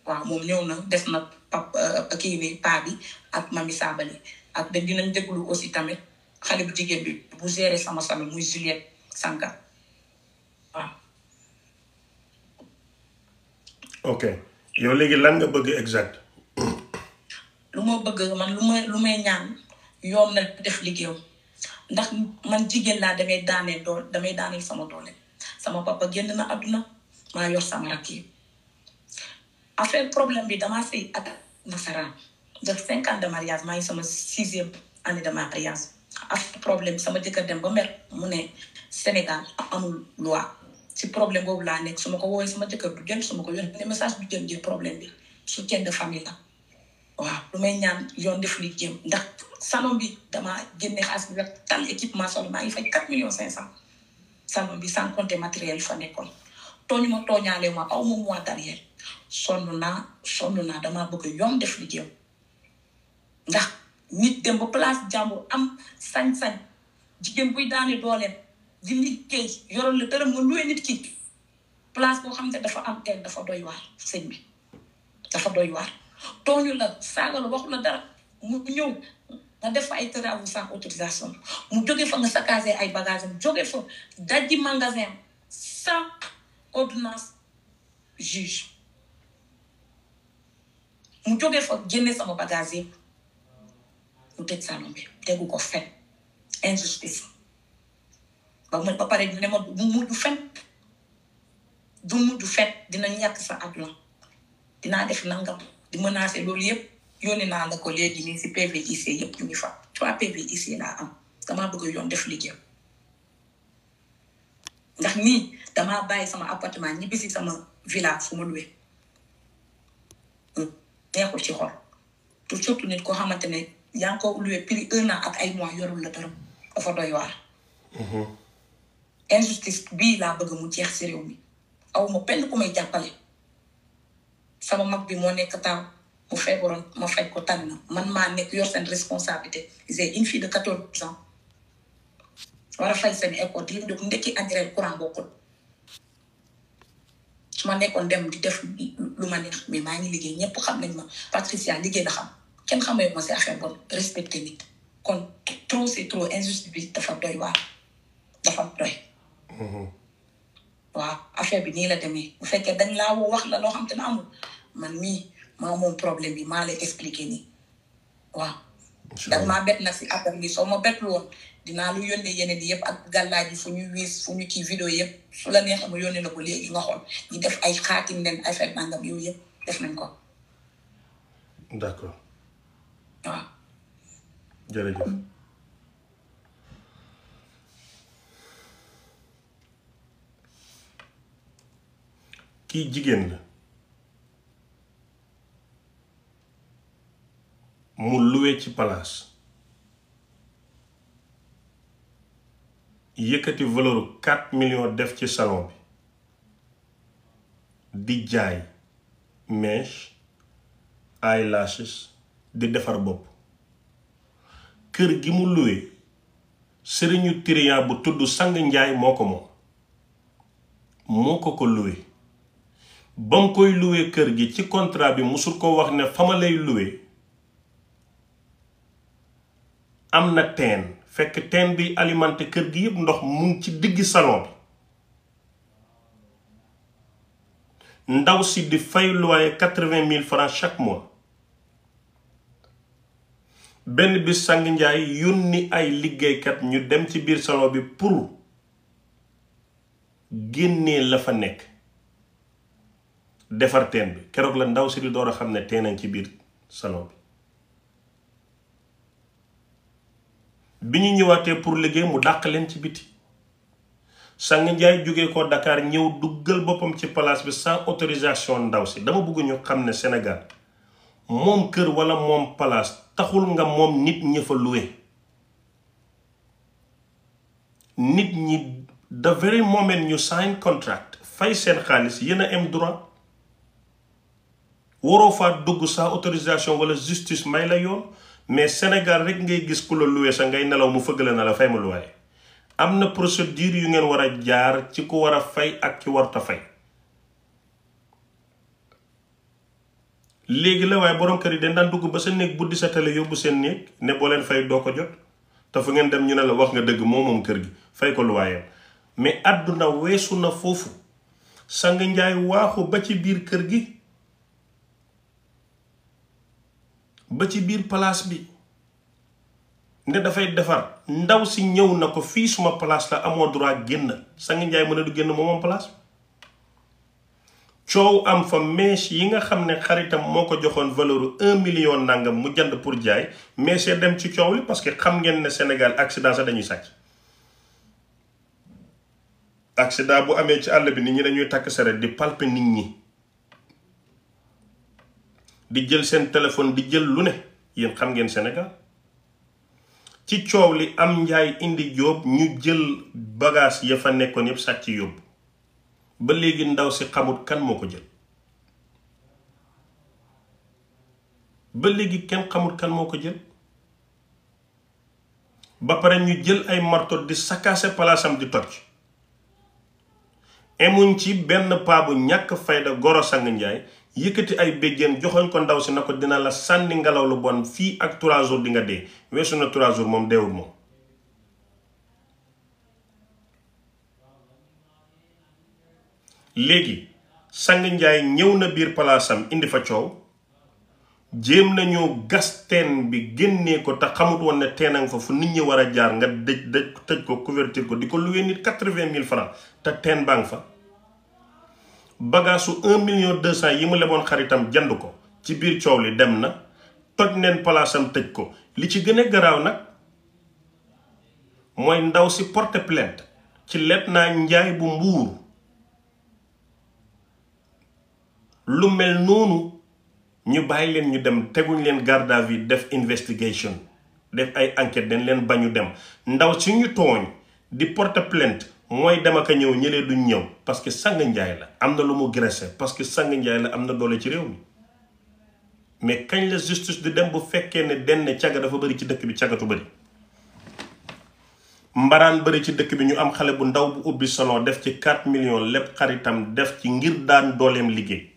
waaw moom ñëw na des na pap euh, kii ne paa bi ak mami Sabali ak dañ dinañ déglu aussi tamit xale bu jigéen bi bu géré sama salon muy Juliette Sankar waaw. ok yow léegi lan nga bëgg exact. lu ma bëgg man lu may ñaan. yoon na def liggéeyam ndax man jigéen laa damay daaneel dool damay daaneel sama doole sama papa génn na àdduna maa yor sama rakk kii affaire problème bi damaa sëy ak nasaraan def cinq de mariage maa ngi sama sixième année de mariage ak problème sama jëkkër dem ba mu ne Sénégal amul loi boobu laa nekk su ma ko woowee sama jëkkër du jël su ma ko yónnee message du jël jël problème bi su de famille la waaw lu may ñaan yoon def li ndax salon bi damaa génne xaalis bi rek tal équipement salon maa ngi fay 4 millions 500 salon bi sans compter matériel fa nekkoon tooñu ma tooñaale ma aw ma mois derrière naa sonn naa damaa bëgg yom def liggéeyam ndax nit dem place jàmbur am sañ-sañ jigéen buy daane dooleem di liggéey yoroon la dërëm nga luwe nit ki place boo xam ne dafa am teel dafa doy waar sëñ bi dafa doy waar tooñu la saaga la waxu la dara mu na def fa ay travaux sans autorisation mu jóge fa nga saccagé ay bagages am jóge fa dajji magasin sans ordonnance juge mu jóge fa génne sama bagage yëpp mu tëj salon bi tegu ko fet injustice ba mu ba pare ne ma du mujj fen du mujj fen dina ñàkk sa àdduna dinaa def nangam di menacer loolu yëpp. yónnee naa la ko léegi nii si PVDC yëpp ñu ngi fa trois PVDC laa am damaa bëgg yoon def liggéeyam ndax nii damaa bàyyi sama appartement ñibbi si sama village suma ma luwe hmm. neexul ci xol te surtout nit koo xamante ne yaa ngi ko luwe prix ak ay mois yorul la dara dafa doy waar. Mm-hmm. injustice bii laa bëgg mu jeex si réew mi aw ma benn ku jàppale sama mag bi moo nekk taaw. bu feebaroon ma faj ko tànn man maa nekk yor seen responsabilité c'est une fille de quatorze ans war a fay seen école di ndekki ndekki engrais courant bokkul su ma nekkoon dem di def lu ma neex mais maa ngi liggéey ñëpp xam nañ ma Patricia liggéey la xam kenn xamee ma si affaire bon respecté nit kon trop c'est trop injuste bi dafa doy waar dafa doy mm-hmm. waaw affaire bi nii la demee bu fekkee dañ laa woo wax la loo xam te ne amul man mii maa moom problème bi maa lay expliqué nii waaw. daf maa bett nag si affaire bi soo ma bettul woon dinaa lu yónnee yeneen yëpp ak gàllaaj yi fu ñu wiis fu ñu kii vidéo yëpp su la neexee mu yónnee la ko léegi nga xool ñu def ay xaati leen ay fekk nangam yooyu yëpp def nañ ko. d'accord. waaw. jërëjëf. jigéen la. mu luwe ci palaas yëkkati valeur quatre millions def ci salon bi di jaay mèche eyelashes di defar bopp kër gi mu luwe sëriñu tiriyaa bu tudd sang njaay moo ko moom moo ko ko luwe ba mu koy luwe kër gi ci contrat bi musul ko wax ne fa ma lay luwe am na teen fekk teen bi alimenté kër gi yëpp ndox mu ngi ci digg salon bi ndaw si di fay loyer quatre-vingt mille francs chaque mois benn bi sang njaay yónni ay liggéeykat ñu dem ci biir salon bi pour génnee la fa nekk defar teen bi keroog la ndaw si di door a xam ne teenañ ci biir salon bi bi ñu ñëwaatee pour liggéey mu dàq leen ci biti sang njaay jógee ko Dakar ñëw duggal boppam ci palaas bi sans autorisation ndaw si dama bëgg ñu xam ne senegal moom kër walla moom palaas taxul nga moom nit ñi fa luwe nit ñi the very moment ñu sign contract fay seen xaalis yéen a am droit waroo dugg sans autorisation walla justice may la yoon mais senegal rek ngay gis ku la luwe sa ngay nelaw mu fëgg la na la fay ma luwaay am na procédure yu ngeen war a jaar ci ku war a fay ak ci warta fay léegi la waaye borom kër yi dañ daan dugg ba sa néeg buddi sa télé yóbbu seen néeg ne boo leen fay doo ko jot te ngeen dem ñu ne la wax nga dëgg moo moom kër gi fay ko luwaayam mais àdduna weesu na foofu sang njaay waaxu ba ci biir kër gi ba ci biir place bi ne dafay defar ndaw si ñëw na ko fii suma place la amoo droit génn Sangue Ndiaye mën du génn moomoom place coow am fa mèche yi nga xam ne xaritam moo ko joxoon valeur un million nangam mu jënd pour jaay mèche dem ci coow li parce que xam ngeen ne senegal accident sax dañuy sàcc accident bu amee ci àll bi nit ñi dañuy takk saret di palper nit ñi di jël seen téléphone di jël lu ne yéen xam ngeen Sénégal ci coow li am njaay indi jóob ñu jël bagaas ya fa nekkoon yépp sàcc yóbbu ba léegi ndaw si xamut kan moo ko jël ba kan moo ko jël ba pare ñu jël ay marto di sakaase palaasam di toj emuñ ci benn paabu ñàkk fayda goro sang njaay yëkkati ay béjjéen joxoñ ko ndaw si na ko dina la sànni ngelaw lu bon fii ak trois jours di nga dee weesu na trois jours moom deewul moom léegi sang njaay ñëw na biir palaasam indi fa coow jéem nañu gas teen bi génnee ko te xamut woon ne teenang fa fu nit ñi war a jaar nga dëj dëj tëj ko couverture ko di ko luwee nit quatre-vingt mille francs te teen baa fa bagaasu su un million deux cent yi mu leboon xaritam jënd ko ci biir coow li dem na toj neen palaasam tëj ko li ci gën a garaaw nag mooy ndaw si porte plainte ci let naa njaay bu mbuur lu mel noonu ñu bàyyi leen ñu dem teguñ leen garde à def investigation def ay enquête dañ leen bañu dem ndaw si ñu tooñ di porte plainte mooy dem ak a ñëw ñëlee duñ ñëw parce que sang njaay la am na lu mu graissé parce que sang njaay la am na doole ci réew mi mais kañ la justice di dem bu fekkee ne denn caga dafa bëri ci dëkk bi cagatu bëri mbaraan bari ci dëkk bi ñu am xale bu ndaw bu ubbi solo def ci 4 million lépp xaritam def ci ngir daan dooleem liggéey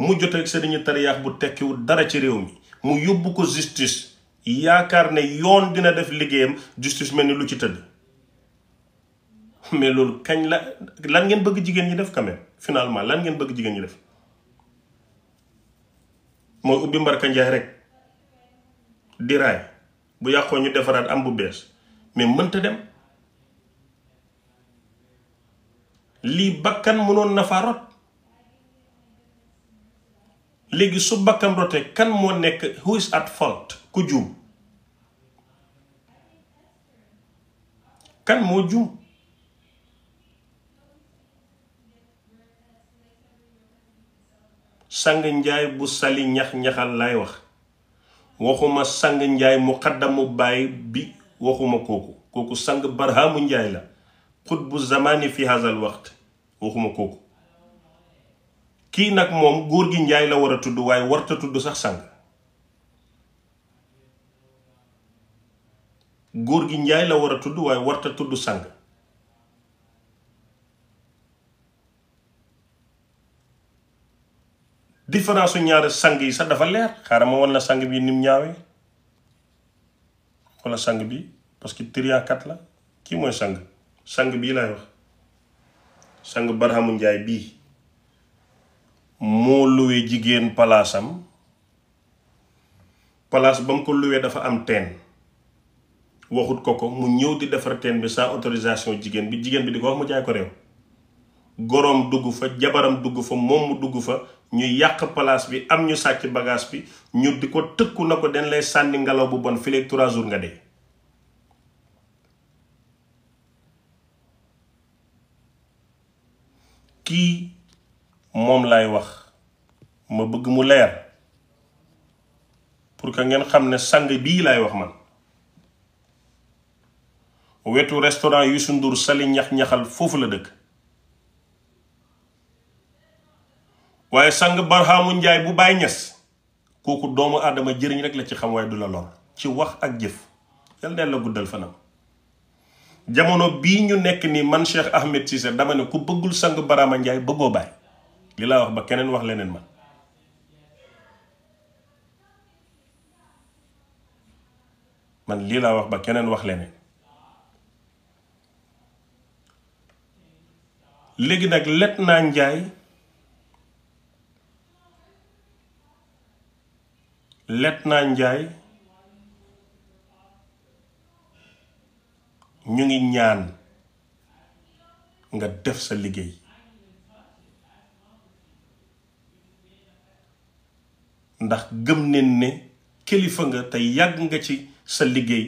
mu jot ak ñu tariyaax bu tekkiwul dara ci réew mi mu yóbbu ko justice yaakaar ne yoon dina def liggéeyam justice mel ni lu ci tëdd mais loolu kañ la lan ngeen bëgg jigéen ñi def quand même finalement lan ngeen bëgg jigéen ñi def mooy ubbi mbarka njaay rek di raay bu yàqoo ñu defaraat am bu bees mais mënta dem lii bakkan mënoon na faa rot léegi su bakkan rotee kan moo nekk who is at fault ku juum kan moo juum sang njaay bu sali ñax-ñaxal lay wax waxuma sang njaay muqaddamu baay bi waxuma kooku kooku sang barhaamu njaay la xutbu zamani fi hazal waxt waxuma kooku kii nag moom góor gi njaay la war a tudd waaye warta tudd sax sang góor gi njaay la war a tudd waaye warta tudd sang différence su ñaari sang yi sax dafa leer xaaral ma wan sang bi nim ñaawee wala sang bi parce que triakat la kii mooy sang sang bii laay wax sang Barhamu Njaay bii moo luwe jigéen palaasam palaas ba mu ko luwee dafa am teen waxut ko ko mu ñëw di defar teen bi sans autorisation jigéen bi jigéen bi di ko wax mu jaay ko réew goroom dugg fa jabaram dugg fa moom mu dugg fa ñu yàq palaas bi am ñu sàcc bagaas bi ñu di ko tëkku na ko den lay sànni ngelaw bu bon fileeg trois jours nga dee kii moom lay wax ma bëgg mu leer pour que ngeen xam ne sang bii lay wax man wetu restaurant su ndur sali ñax-ñaxal foofu la dëkk waaye sang barhaamu njaay bu Baay Ñas kooku doomu aadama jëriñ rek la ci xam waaye du la lor ci wax ak jëf yal na la guddal fanam jamono bii ñu nekk ni man Cheikh Ahmed Cissé dama ne ku bëggul sang Barhama Njaay bëggoo baay li laa wax ba keneen wax leneen man man lii laa wax ba keneen wax leneen léegi nag let naa njaay let naa njaay ñu ngi ñaan nga def sa liggéey ndax gëm nañ ne kilifa nga te yàgg nga ci sa liggéey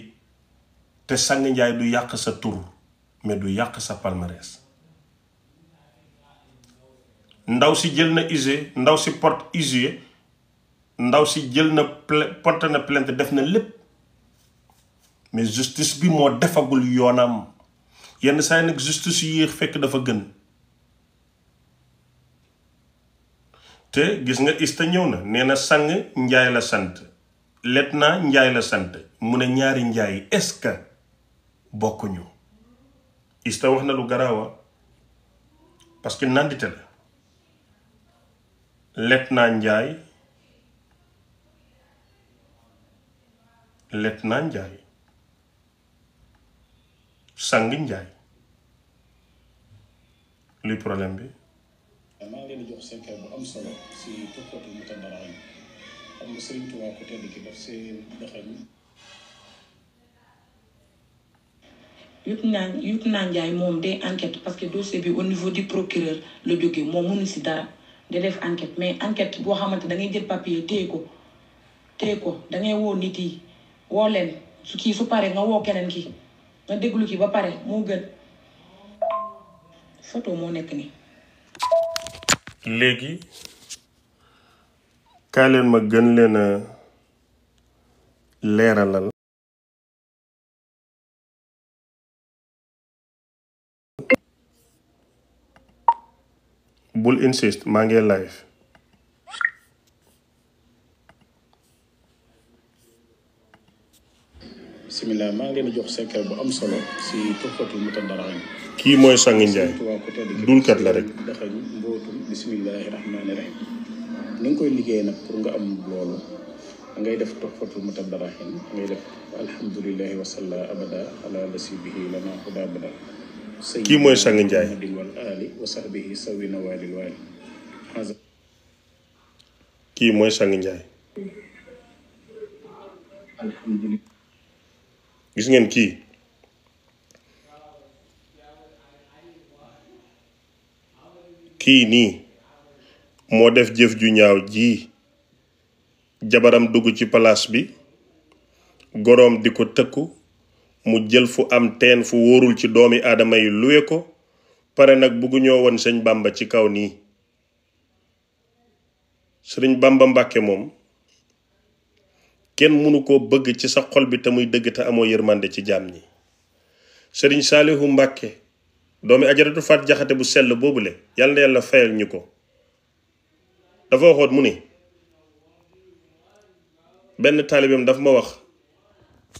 te sang njaay du yàq sa tur mais du yàq sa palmarès ndaw si jël na usé ndaw si porte usé ndaw si jël na porte na plainte def na lépp mais justice bi moo defagul yoonam yenn saa yi nag justice yu yéex fekk dafa gën te gis nga ista ñëw na nee na sang njaay la sant let naa njaay la sant mu ne ñaari njaay est bokkuñu ista wax na lu garaawa parce que nandite la let naa njaay lieutenant Njaay sang Njaay luy problème bi ah, maa ngi leen di Njaay moom de enquête parce que dossier bi au niveau du procureur la jóge moom mënu si dara da def enquête mais enquête boo xamante da ngay jël papier téye ko téye ko da woo nit yi woo leen su kii su pare nga woo keneen ki nga déglu ki ba pare moo gën photo moo nekk nii. léegi kaay leen ma gën leen a leeralal. bul insist maa ngi live. bisimilah maa ngi di jox secret bu am solo si tuxfatul mutadarain kii mooy Sang Njaay dulkat la rek daxañ mbootum bisimilahi rahmaani koy liggéey nag pour nga am loolu def tuxfatul mutadarain ngay def alhamdulilahi wasalla abada ala lasi kii mooy Sang Njaay wal ali wa sahbihi na waalil waali kii mooy Sang Njaay gis ngeen kii kii nii moo def jëf ju ñaaw ji jabaram dugg ci palaas bi goroom di ko tëkku mu jël fu am teen fu wóorul ci doomi aadama yi luwe ko pare nag buggu ñoo woon sëñ Bàmba ci kaw nii sëriñ Bàmba Mbàkke moom kenn mënu koo bëgg ci sa xol bi te muy dëgg te amoo yërmande ci jaam ñi sëriñ saalihu mbàkke doomi ajaratu faat jaxate bu sell boobule yàlla na yàlla fayal ñu ko dafa waxoon mu ni benn taalibeem daf ma wax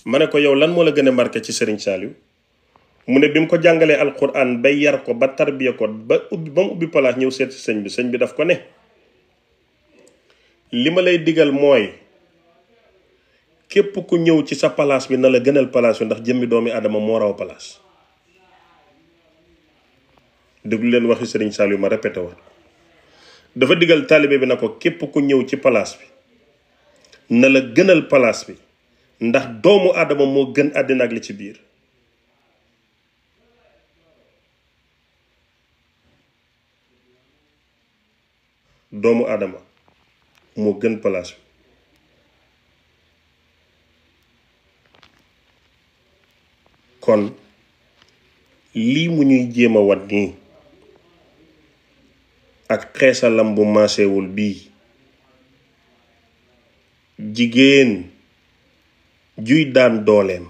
ma ne ko yow lan moo la gën a marqué ci sëriñ saaliw mu ne bi mu ko jàngalee alquran bay yar ko ba tarbiya ko ba ubbi ba mu ubbi palaas ñëw seeti sëñ bi sëñ bi daf ko ne li ma lay digal mooy képp ku ñëw ci sa palaas bi na la gënal palaas bi ndax jëmmi doomi aadama moo raw palaas déglu leen waxi sëriñ Saliou ma répété waat dafa diggal taalibe bi na ko képp ku ñëw ci palaas bi na la gënal palaas bi ndax doomu aadama moo gën àddina ak li ci biir doomu aadama moo gën palaas bi kon lii mu ñuy jéema a wat nii ak xeesalam bu maasewul bii jigéen juy daan dooleem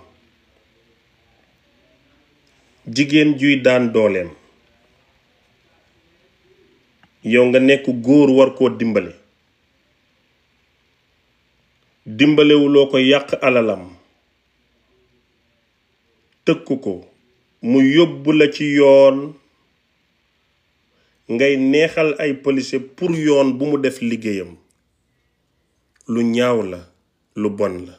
jigéen juy daan dooleem yow nga nekku góor war koo dimbale dimbalewuloo ko yàq alalam tëkk ko mu yóbbu la ci yoon ngay neexal ay policier pour yoon bu mu def liggéeyam lu ñaaw la lu bon la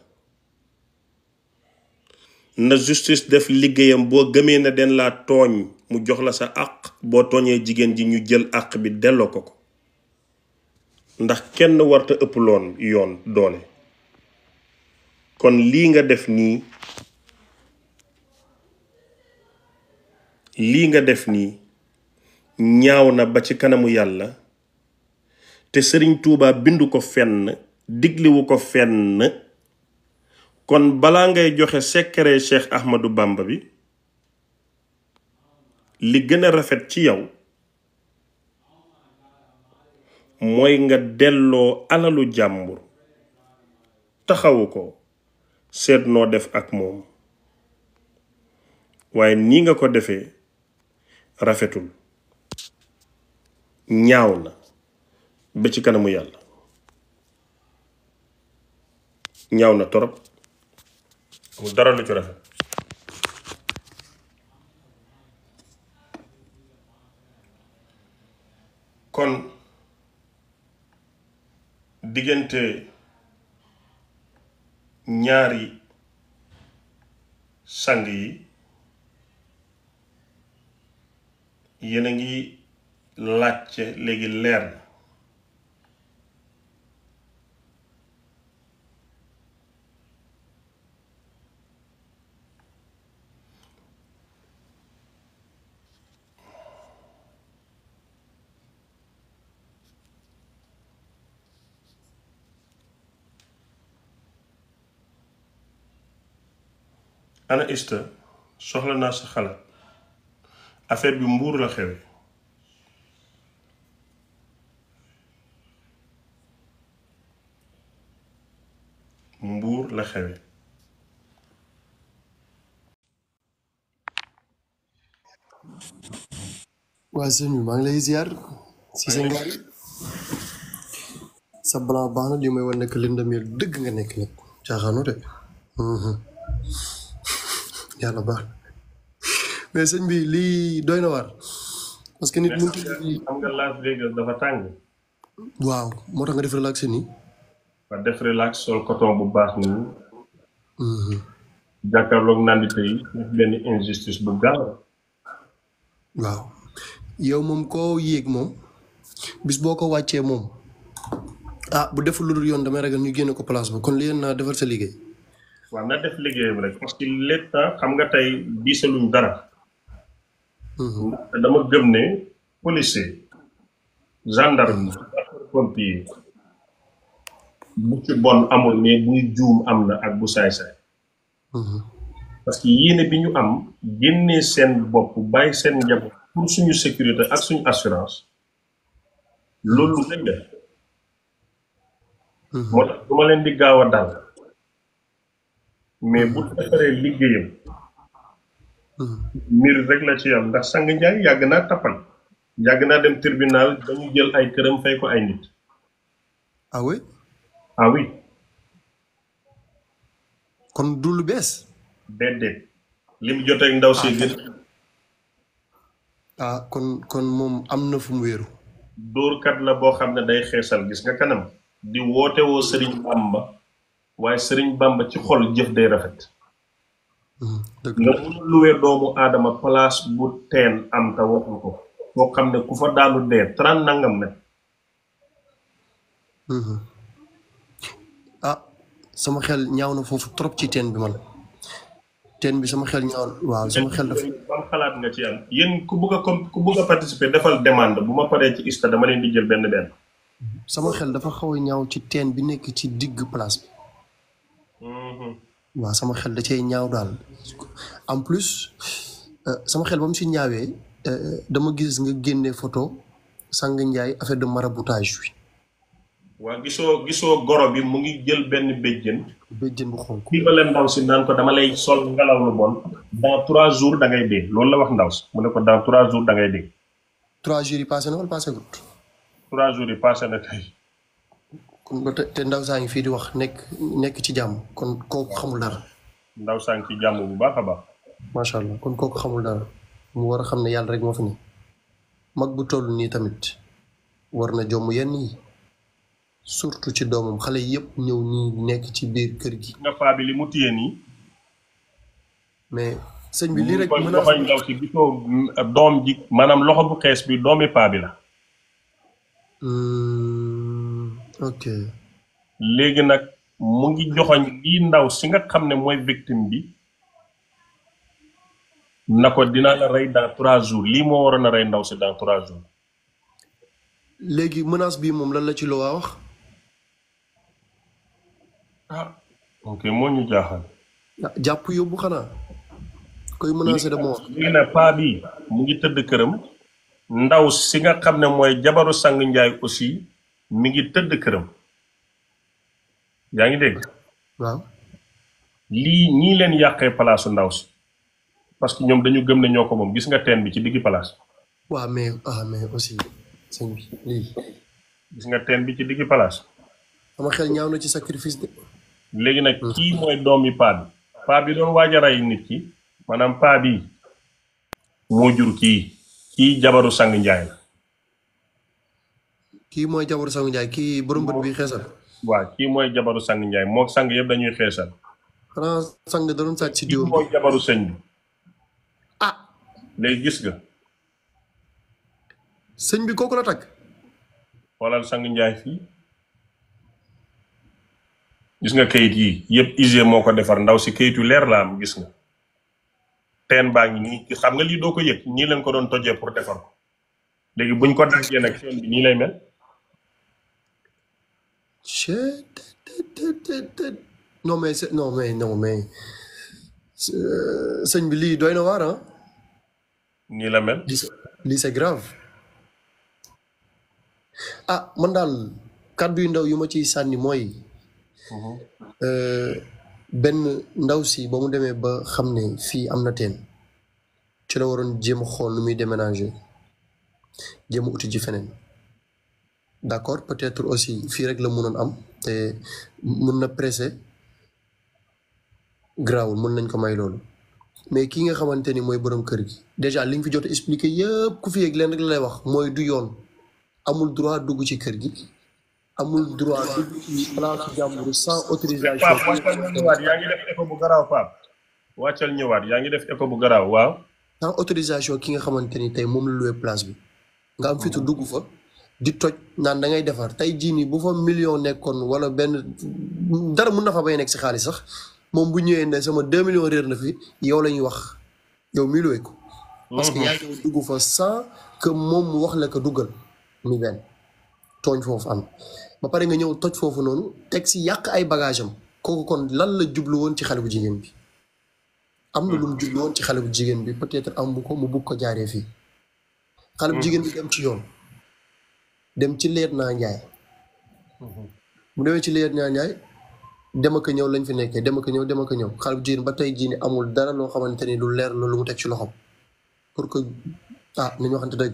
na justice def liggéeyam boo gëmee na den laa tooñ mu jox la sa àq boo tooñee jigéen ji ñu jël àq bi delloo ko ko ndax kenn warta ëpp loon yoon doole kon lii nga def nii lii nga def nii ñaaw na ba ci kanamu yàlla te sëriñ tuubaa bindu ko fenn digliwu ko fenn kon balaa ngay joxe secret Cheikh Ahmadou Bamba bi li gëna rafet ci yow mooy nga delloo alalu jàmbur taxawu ko seet noo def ak moom waaye nii nga ko defee rafetul ñaaw na ba kanamu yàlla ñaaw na torop amul dara lu ci rafet kon diggante ñaari sang yi yéen a ngi laajte léegi leer na ana ista soxla naa sa xalaat affaire bi mbuur la xewe mbuur la xewe waa sëñ bi maa ngi lay ziar si sa ngaar baax na li may wan nekk lëndam yi dëgg nga nekk nag caaxaanu de mhm. yàlla baax na mais sëñ bi lii doy na war parce que nit mënut xam dafa tàng. waaw moo tax nga def relax nii. nga def relax sol bu baax nii. Mhm. jàkkaarloog nandite yi def benn injustice bu gaaw. waaw yow moom koo yéeg moom bis boo ko wàccee moom ah bu deful lu dul yoon damay ragal ñu génne ko place ba kon léegi naa defar sa liggéey. waaw na def liggéeyam rek parce que xam nga tey diisaluñ dara. dama gëm ne policier gendarme pompier bu ci bon amul mais bu juum am na ak bu saay-saay parce que yéene bi ñu am génnee seen bopp bàyyi seen njaboot pour suñu sécurité ak suñu assurance loolu lañ moo tax du leen di gaaw a dal mais bu defaree liggéeyam mbir rek la ci yam ndax sang njaay yàgg naa tappal yàgg naa dem tirbinaal dañu jël ay këram fay ko ay nit ah oui ah oui kon du bees déedéet li mu ndaw si ah, gën ah kon kon moom am na fu mu wéeru dóorkat la boo xam ne day xeesal gis nga kanam di wootewoo woo sëriñ bàmba waaye sëriñ bàmba ci xol jëf day rafet Mm, nga mun luwee doomu aadama palaas bu teen am te waxu ko foo xam ne ku fa daanu dee trente nangam nag mm-hmm. ah sama xel ñaaw na foofu trop ci teen bi man teen bi sama xel ñaaw waaw sama xel dafa ban xalaat nga ci am yéen ku bugg comme ku bugg participer defal demande bu ma paree ci ista dama leen di jël benn benn sama xel dafa xaw a ñaaw ci teen bi nekk ci digg place bi mm-hmm. waaw sama xel da cee ñaaw daal en plus euh, sama xel ba mu si ñaawee euh, dama gis nga génne photo Sang Ndiaye affaire de maraboutage bi. waa gisoo gisoo goro bi mu ngi jël benn béjjën. béjjën bu xonk bi ma leen ndaw si naan ko dama lay sol ngelaw lu bon. dans trois jours da dee loolu la wax ndaw si mu ne ko dans trois jours da ngay dee. trois jours yi passé na wala passé gut. kon te ndaw saa ngi fii di wax nekk nekk ci jàmm kon kooku xamul dara. ndaw saa ngi ci jàmm bu baax a baax. macha allah kon kooku xamul dara mu war a xam ne yàlla rek moo fi ne mag bu toll nii tamit war na jomm yenn yi surtout ci doomam xale yëpp ñëw nii nekk ci biir kër gi. nga li mu téye mais sëñ bi lii rek. mën a ndaw si doom ji maanaam loxo bu xees bi doomi paa la. Hmm. ok léegi nag mu ngi joxoñ lii ndaw si nga xam ne mooy victime bi na ko dinaa la rey dans trois jours lii moo waroon a rey ndaw si dans trois jours. léegi menace bii moom lan la ci loi wax. ah ok moo ñu jaaxal. Ah, jàpp yóbbu xanaa. koy menacé dama wax. léegi nag paa bi mu ngi tëdd këram. ndaw si nga xam ne mooy jabaru sang njaay aussi. mi ngi tëdd këram yaa ngi dégg. waaw lii ñii leen yàqee palaasu ndaw si parce que ñoom dañu gëm ne ñoo ko moom bis nga teen bi ci digg palaas. waaw mais gis nga teen bi ci digg ah, palaas. sama xel ñaaw na ci sacrifice de. léegi nag hmm. kii mooy doomi paa bi paa bi doon waaj nit ki maanaam paa bi moo jur kii kii jabaru sang njaay la. kii mooy jabaru sangu Ndiaye kii borom bët bi xeesal. waaw kii mooy jabaru sang Ndiaye moog sang yëpp dañuy xeesal. xanaa sang da doon si diw. kii mooy jabaru sëñ bi. ah. léegi gis nga. sëñ bi kooku la tag xoolal sang gis nga kayit yi yëpp ISE moo ko defar ndaw si kayitu leer la am gis nga. teen baa ngi nii xam nga lii doo ko yëg nii leen ko doon tojee pour defar ko léegi buñ ko dajee nag seen bi nii lay mel. non mais non mais non mais sëñ bi lii doy na waar ah. la mel. lii c'est ah man daal kàddu yu ndaw yu ma ci sànni mooy. Mhm. Eh, benn ndaw si ba mu demee ba xam ne fii am na teen ci la waroon jéem a xool nu muy déménager jéem a feneen. d'accord peut-être aussi fii rek la mënoon am te mun na pressé grawul mun nañ ko may loolu mais kii nga xamante ni mooy borom kër gi déjà li nga fi jot a expliqué yëpp ku fi yegg leen rek lay wax mooy du yoon amul droit dugg ci kër gi amul droit dugg ci place jàmbur sans autorisation. Pape wàccal ñëwaat yaa ngi def écho bu garaaw Pape wàccal ñëwaat yaa ngi def écho bu garaaw waaw. sans autorisation ki nga xamante ni tey moom la luwee place bi nga am fitu dugg fa. di toj naan dangay defar tey jii nii bu fa million nekkoon wala benn dara mun na fa bay nekk si xaalis sax moom bu ñëwee ne sama deux millions réer na fi yow la ñuy wax yow mii luwee ko. parce que mhm. yaa dugg fa sans que moom mu wax la ko duggal muy benn tooñ foofu am. ba pare nga ñëw toj foofu noonu teg si yàq ay bagage am kooku kon lan la jublu woon ci xale bu jigéen bi. am na lu mu jublu woon ci xale bu jigéen bi peut-être am bu ko mu bugg ko jaaree fii. xale mhm. jigéen bi dem ci yoon. dem ci leet naa njaay mu demee ci leer naa njaay dem ak ñëw lañu fi nekkee dem ak ñëw dem ak ñëw xale bu jigéen ba tey jii amul dara loo xamante ni lu leer la lu mu teg ci loxom pour que ah nañu waxante dëgg.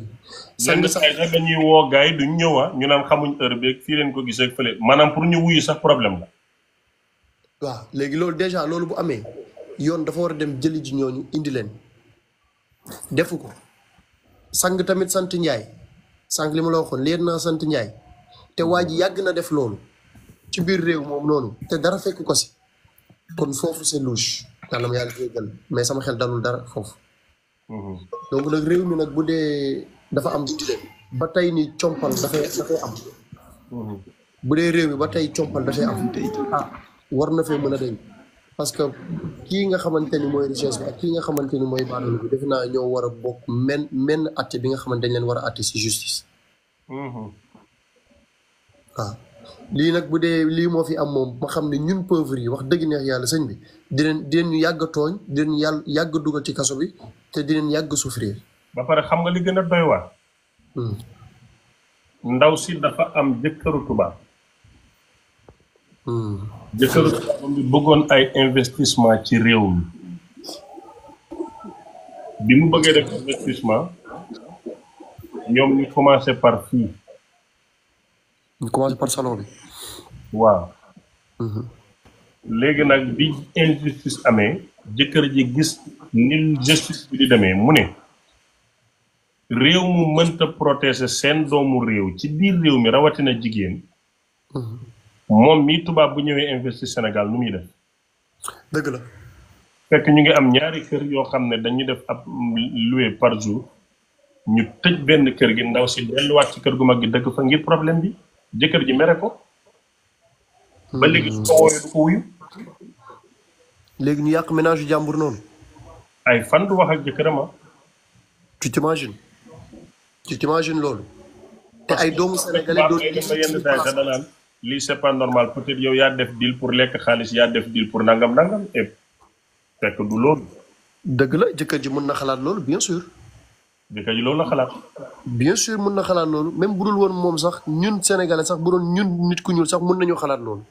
sànni sax yenn dañuy woo gars yi ah, ñu naan xamuñ heure bi fii leen ko gisee ak fële maanaam pour ñu wuyu sax problème la. waaw léegi loolu déjà loolu bu amee yoon dafa war a dem jëli ji ñooñu indi leen defu ko sang tamit sant Njaay. sànq li ma la waxoon leen na sant Njaay te waa ji yàgg na def loolu ci biir réew moom loolu te dara fekk ko si kon foofu c'est louche yàlla ma yàlla jéggal mais sama xel dalul dara foofu mhm. donc nag réew mi nag bu dee dafa am ba tey ni compal dafay dafay am mhm. bu dee réew mi ba tey compal dafay am ah, war na fee mën a deñ parce que kii nga xamante ni mooy richesse bi ak kii nga xamante ni mooy baadoolo bi defe naa ñoo war a bokk menn atte bi nga xamante dañ war a atte si mm-hmm. nag bu dee lii moo fi am moom ma xam ne ñun pauvre yi wax dëgg neex yàlla sëñ bi dinañ dinañ ñu yàgg a tooñ dinañ yàgg dugal ci kaso bi te dinañ yàgg souffrir ba pare xam nga li gën a doy waar hmm. ndaw si dafa am jëkkëru tubaab jëkkëru tubaabam bëggoon ay investissement ci réew mi bi mu bëggee def investissement ñoom ñu commencé par fii ñu commencé par salon bi waaw mhm. léegi nag bi injustice amee jëkkër ji gis ni justice bi di demee mu ne réew mu mënta protéger seen doomu réew ci biir réew mi rawatina jigéen mhm. moom mii tubaab bu ñëwee investir Sénégal nu muy def. dëgg la. fekk ñu ngi am ñaari kër yoo xam ne dañuy def ab luwe par jour ñu tëj benn kër gi ndaw si delluwaat ci kër gu mag gi dëgg fa ngir problème bi jëkkër ji mere ko. ba léegi su ko wooyee du léegi ñu yàq ménage yu jàmbur noonu. ay fan du wax ak jëkkëram ah. tu t'imagines tu t'imagines loolu. te ay doomu sénégalais doon. lii c'est pas normal peut-être yow yaa def deal pour lekk xaalis yaa def deal pour nangam nangam et fekk du loolu. dëgg la jëkkër ji mën na xalaat loolu bien sûr. jëkkër xalaat. bien sûr mën na xalaat loolu même bu dul woon moom sax ñun sénégalais sax bu doon ñun nit ku ñuul sax mun nañu xalaat loolu.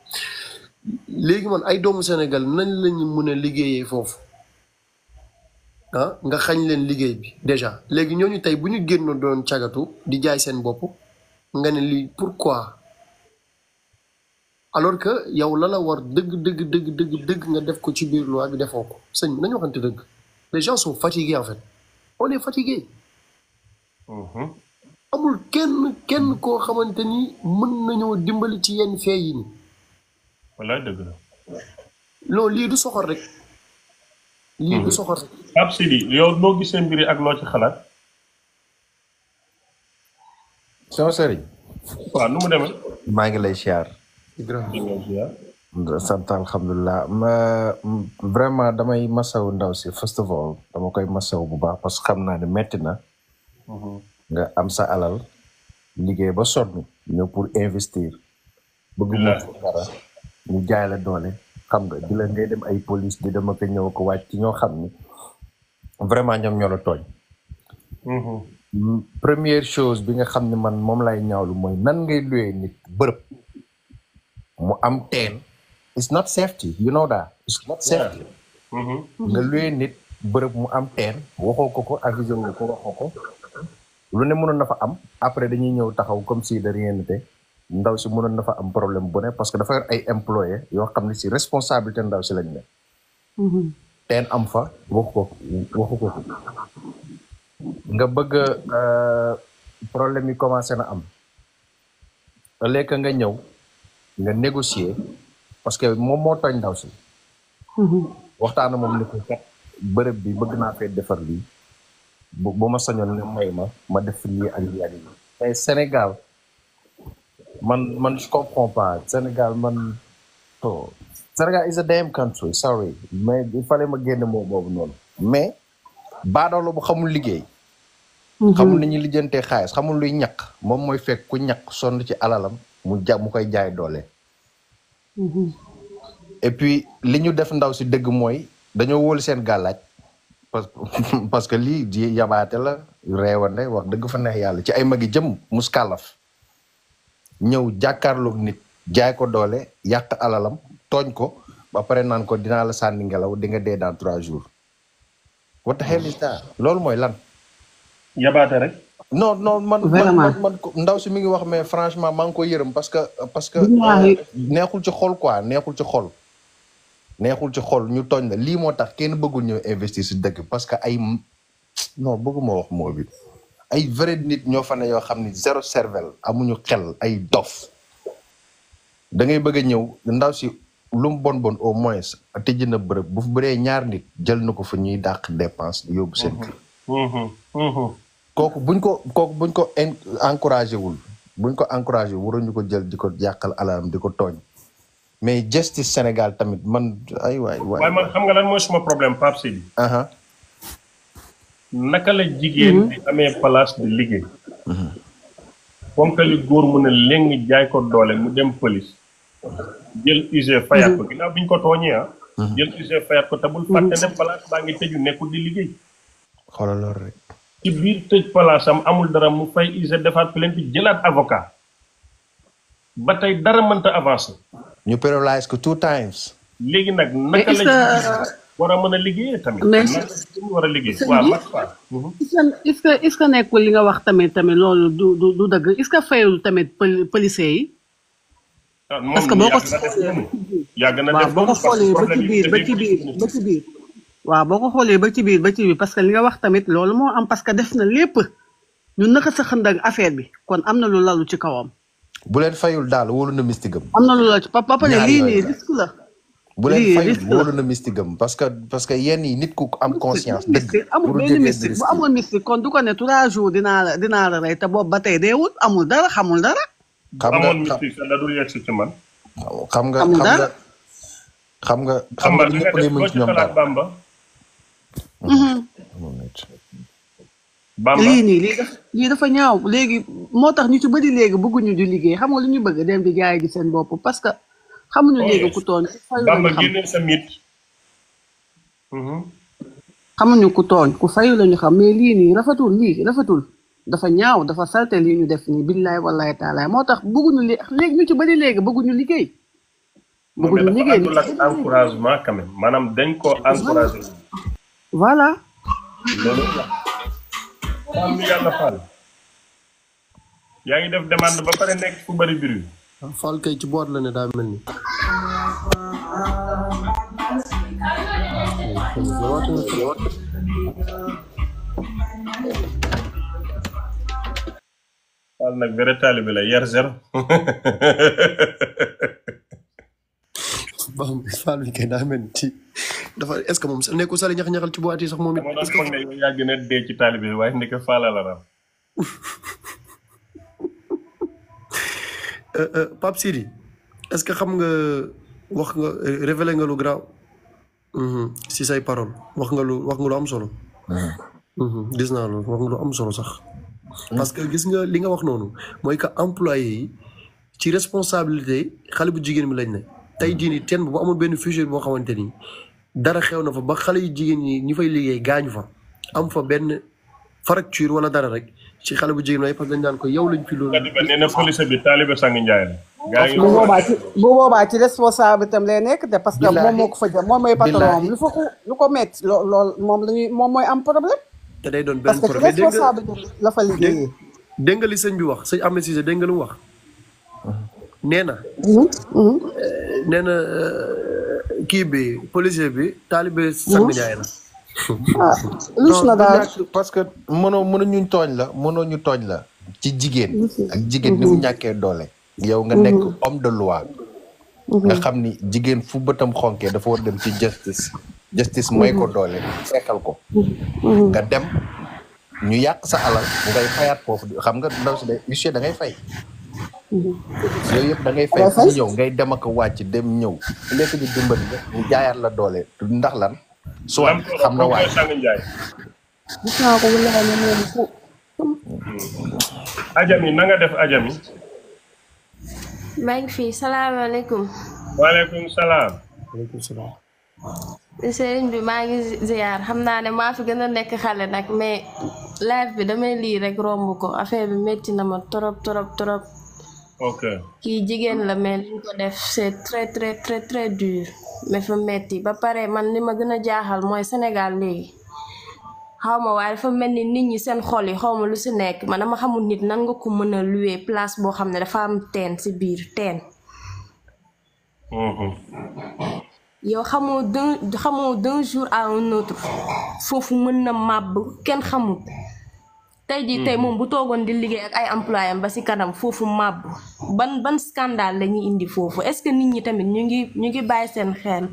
léegi man ay doomu Sénégal nañ lañu mën a liggéeyee foofu ah nga xañ leen liggéey bi déjà léegi ñooñu tey bu ñu génn doon cagatu di jaay seen bopp nga ne lii pourquoi. alors que yow la la war dëgg dëgg dëgg dëgg nga def ko ci biir loi bi defoo ko sëñ bi nañu waxante dëgg les gens sont fatigués en fait mm-hmm. amul kenn kenn koo xamante ni mën nañoo dimbali ci yenn fee yi nii. walaay dëgg la. non lii du soxor rek. lii du mm-hmm. soxor rek. Pape Sidi yow noo gisee mbiri ak loo ci xalaat. sama sëriñ. waaw nu mu demee. maa ngi lay siyaar. sant alhamdulilah ma mm, vraiment damay masawu ndaw si first of all dama koy masawu bu baax parce que xam naa ne metti na mhm. nga am sa alal liggéey ba sonn ñëw pour investir bëgg mu dara xam nga di la ngay dem ay police di dama ko ñëw ko wàcc ci ñoo xam ni vraiment ñoom ñoo la tooñ mhm. mm, première chose bi nga xam ne man moom lay ñaawlu mooy nan ngay luyee nit bërëb mu am teen it's not safety you know that it's mm-hmm. nga luye nit bërëb mu am teen waxoo ko ko avisé wu ko waxoo ko lu ne mënoon na fa am après dañuy ñëw taxaw comme si de rien ndaw si mënoon na fa am problème bu ne parce que dafa yor ay employé yoo xam ne si responsabilité ndaw si lañ ne mm-hmm. teen am fa waxu ko ko nga bëgg euh, problème yi commencé na am léegi nga ñëw nga négocier parce que moom moo tooñ ndaw si. Mhm. waxtaan moom ni ko bërëb bi bëgg naa fee defar lii bu bu ma sañoon ne may ma ma def lii ak lii ak lii mais Sénégal man man je comprends pas Sénégal man to Sénégal is a damn country sorry mais bu fallait ma génn moo boobu noonu mais baadoolo bu xamul liggéey mhm. xamul ni ñu lijjantee xaalis xamul luy ñaq moom mooy fekk ku ñaq sonn ci alalam mu ja koy jaay doole. Mm-hmm. et puis li ñu def ndaw si dëgg mooy dañoo wóolu seen gàllaaj parce parce que lii di yabaate la reewande wax dëgg fa neex yàlla ci ay magi jëm muskàllaf ñëw jàkkaarloog nit jaay ko doole yàq alalam tooñ ko ba pare naan ko dinaa la sànni ngelaw di nga dee dans trois jours. what the hell is that loolu mooy lan. yabaate rek. non non man man man ndaw si mi ngi wax mais franchement maa ngi ko yërëm parce que parce que euh, neexul ci xol quoi neexul ci xol neexul ci xol ñu tooñ la lii moo tax kenn bëggul ñëw investir si dëkk parce que ay non bëgguma wax moo bi ay vrai nit ñoo fa ne yoo xam ni zéro cervelle amuñu xel ay dof da ngay bëgg a ñëw ndaw si lu bon bon au moins tëj na bërëb bu bëree ñaar nit jël na ko fa ñuy dàq dépense yóbbu seen mm-hmm. kër mm-hmm. Mm-hmm. kooku buñ ko kooku buñ ko encouragé wul buñ ko encouragé waruñu ko jël di ko yàqal alalam di ko tooñ mais justice Sénégal tamit man ay waay waay waaye man xam nga lan mooy suma problème Pape Sidi naka la jigéen hmm? di amee place di liggéey mhm. comme que li góor mu ne léng jaay ko doole mu dem police jël use fayaat ko hmm. ginnaaw bi ñu ko tooñee ah hmm. jël use fayaat ko te bul fàtte ne place baa ngi tëju nekkul di liggéey ci biir tëj palaasam amul dara mu fay IGE defaat plainte jëlaat avocat ba tey dara mënta avancer. ñu paralyse ko two times. léegi nag naka la war mën a liggéeyee tamit. mais war a liggéey mhm. que est-ce nga wax tamit tamit loolu du du ce que fayul tamit policiers yi. Ah, ba ci ba ci ba ci waaw boo ko xoolee ba ci biir ba ci biir parce que li nga wax tamit loolu moo am parce que def na lépp ñu naka sa xënd ak affaire bi kon am na lu lalu ci kawam. bu leen fayul daal wóolu na mystigam. am na lu lalu ci papa ne lii nii risque parce que parce que yenn yi nit ku am conscience. dëgg amul benn mystique bu amul mystique kon du ko ne trois jours dinaa la dinaa rey te boobu ba tey deewul amul dara xamul dara. xam nga amoon mystique la dul yegg si ci man. xam nga xam nga xam nga. xam nga ñëpp ngay mën ci ñoom dara moom it bamba lii nii lii dafa ñaaw léegi moo tax ñu ci bëri léegi bëgguñu di liggéey xam nga lu ñu bëgg dem di jaay gi seen bopp parce que xamuñu léegi oh, ku tooñ. bamba génne sa mit. xamuñu ku tooñ ku fayu la ñu xam mais lii nii rafetul lii rafetul dafa ñaaw dafa salte lii ñu def nii billaay wallaay taalaay moo tax bëgguñu léegi ñu ci bëri léegi bëgguñu liggéey. bëgguñu liggéey moom encouragement quand même dañ koo encouragé. voilà. yaa ngi def demand ba pare nekk fu bari biir. Fall kay ci boor la ne daa ni. Fall nag bëre taalibe la yar zer. ba xam Fall mi kay daa mel ci dafa est ce que moom nekkul sali ñax-ñaxal ci boîte yi sax moom it. est ne yàgg na dee ci taalibe bi waaye ndeke est ce que xam nga wax nga euh, révélé nga lu graaw mhm, si say parole wax nga lu wax lu am solo. Mhm. Mhm, gis naa loolu wax nga lu am solo sax. parce que gis nga li nga wax noonu mooy que employé ci responsabilité xale bu jigéen bi lañ ne. tey jii nii teen bu amoon benn fissure boo xamante ni dara xew na fa ba xale yi jigéen ñi ñu fay liggéey gaañu fa am fa benn fracture wala dara rek ci xale bu jigéen waaye parce que dañ naan ko yow lañ fi loolu. nee na police bi taalibe sang Njaay la. bu boobaa ci bu responsable itam lay nekk de parce que moom moo ko fa jël moom mooy patron lu fa ko lu ko métti lool moom la ñuy moom mooy am problème. te day doon benn problème parce que responsable la dégg nga li sëñ bi wax sëñ Ahmed Cissé dégg nga lu wax. nee na. Mhm, mhm. Eh, nee na eh, kii bi policier bi. taalibe Samba ah, Ndiaye na daal parce que mënoo mënoo ñu tooñ la mënoo ñu tooñ la. ci jigéen. ak jigéen ni mu mhm. ñàkkee doole. yow nga nekk homme de loi. nga xam ni jigéen fu bëtam xonkee dafa war dem ci justice. justice mooy ko doole fekkal ko. nga dem ñu yàq sa alal ngay fayaat foofu xam nga ndaw si day huissier da fay. Mm-hmm. yooyu yëpp da ngay fay sax ñëw ngay dem ak wàcc dem ñëw léegi ñu dimbali nga ñu la doole ndax lan. su am xam na waay gis naa ko wala mm-hmm. Ajami na def Ajami. maa ngi fi salaamaaleykum. waaleykum salaam. waaleykum sëriñ bi maa ngi ziar xam naa ne maa fi gën a nekk xale nag mais live bi damay lii rek romb ko affaire bi metti na ma trop trop trop. ok kii jigéen la mais liñ ko def c'est très très très très dur mais fa metti ba pare man li ma gën a jaaxal mooy Sénégal léegi xaw ma waaye dafa mel ni nit ñi seen xol yi xaw ma lu si nekk man dama xamul nit nanga ko mën a louer place boo xam ne dafa am teen ci biir teen. Mhm. yow xamoo d'un xamoo d'un jour à un autre foofu mën na màbb kenn xamul. tey jii tey mhm. moom bu toogoon di liggéey ak ay employé am ba si kanam foofu màbb ban ban scandale la ñuy indi foofu est-ce que nit ñi tamit ñu ngi ñu ngi bàyyi seen xeen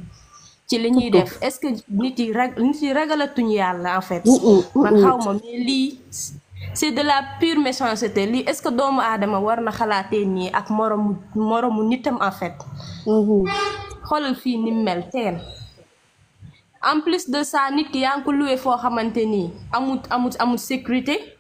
ci li ñuy def est-ce que nit yi rag ragalatuñu yàlla en fait man xaw ma lii c'est de la pure méchanceté lii est-ce que doomu aadama war na xalaatee nii ak moromu moromu nitam en fait mm-hmm. xoolal fii ni mel teen en plus de ça nit ki yaa ngi ko foo xamante nii amut amut amut sécurité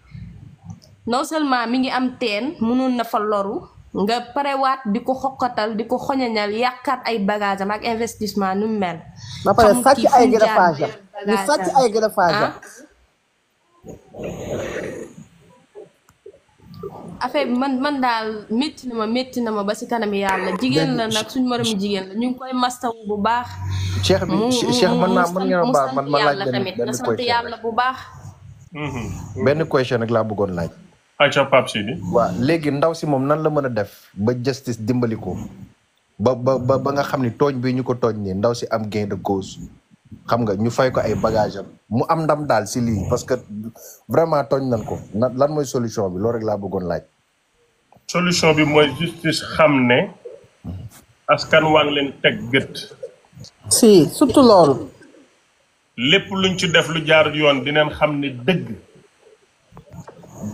non seulement mi ngi am teen mënoon na fa loru nga parewaat di ko xoqatal di ko xoñañal yàqaat ay bagage ak investissement nu mu mel. ba pare sàcc ay greffage am ñu ay greffage am ah. affaire bi man man daal métti na ma métti na ma ba si kanam yàlla jigéen la nag suñu moromu jigéen la ñu ngi koy mastaw bu baax. cheikh bi cheikh mën naa mën ngeen baal ma laaj benn benn sant yàlla bu baax. Mm-hmm. benn question nag laa bëggoon laaj. ayca Pape waaw léegi ndaw si moom nan la mën a def ba justice dimbali ko ba ba ba nga xam ni tooñ bi ñu ko tooñ nii ndaw si am gain de cause xam nga ñu fay ko ay bagage mu am ndam daal si lii parce que vraiment tooñ nañ ko lan mooy solution bi loolu rek laa bëggoon laaj. solution bi mooy justice xam ne askan waa leen teg gët. si surtout loolu. lépp luñ ci def lu jaar yoon neen xam ne dëgg.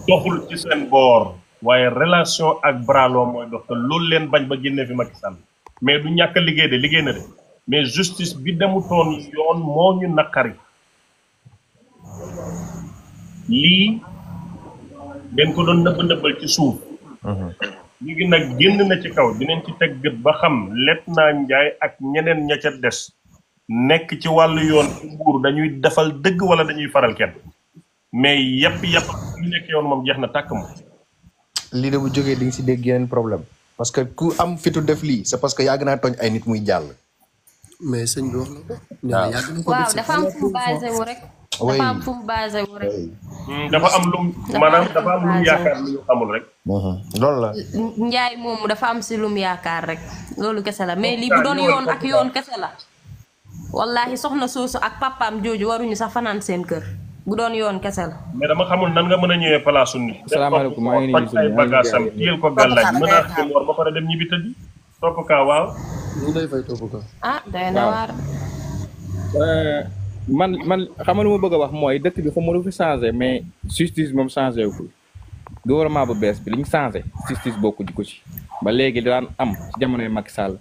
doxul ci seen boor waaye relation ak bralo mooy dox te loolu leen bañ ba génnee fi Macky Sall mais du ñàkk liggéey de liggéey na de mais justice bi demutoon yoon moo ñu naqari lii dañ ko doon nëbb nëbbal ci suuf léegi mhm. nag jënd na ci kaw dinañ ci teg gët ba xam let naa njaay ak ñeneen ña ca des nekk ci wàll yoon ci nguur dañuy defal dëgg wala dañuy faral kenn mais yëpp yëpp li nekk yoon moom jeex na tàkk ma lii de bu jógee di si dégg yeneen problème parce que ku am fitu def lii c'est parce que yàgg naa tooñ ay nit muy jàll. mais sëñ bi wax na ko. waaw dafa hmm, mhm. la. Njaay moom dafa am si lu yaakaar rek loolu kese la mais lii bu doon yoon ak yoon kese la. wallahi soxna soosu ak papaam jooju waruñu sax fanaan seen kër. bu doon yoon kese la. mais dama xamul nan nga mën a ñëwee palaasu nit. asalaamaaleykum maa ngi nuyu suñu ay bagages am a dem war ba ñibbi tëdd. topp kaa waaw. Ah, euh, man man xam bëgg a wax mooy dëkk bi xam nga lu fi changé mais justice moom changé wu ko gouvernement bu bees bi li ñu changé justice bokku ji ko ci ba léegi daan am ci jamonoy Macky Sall.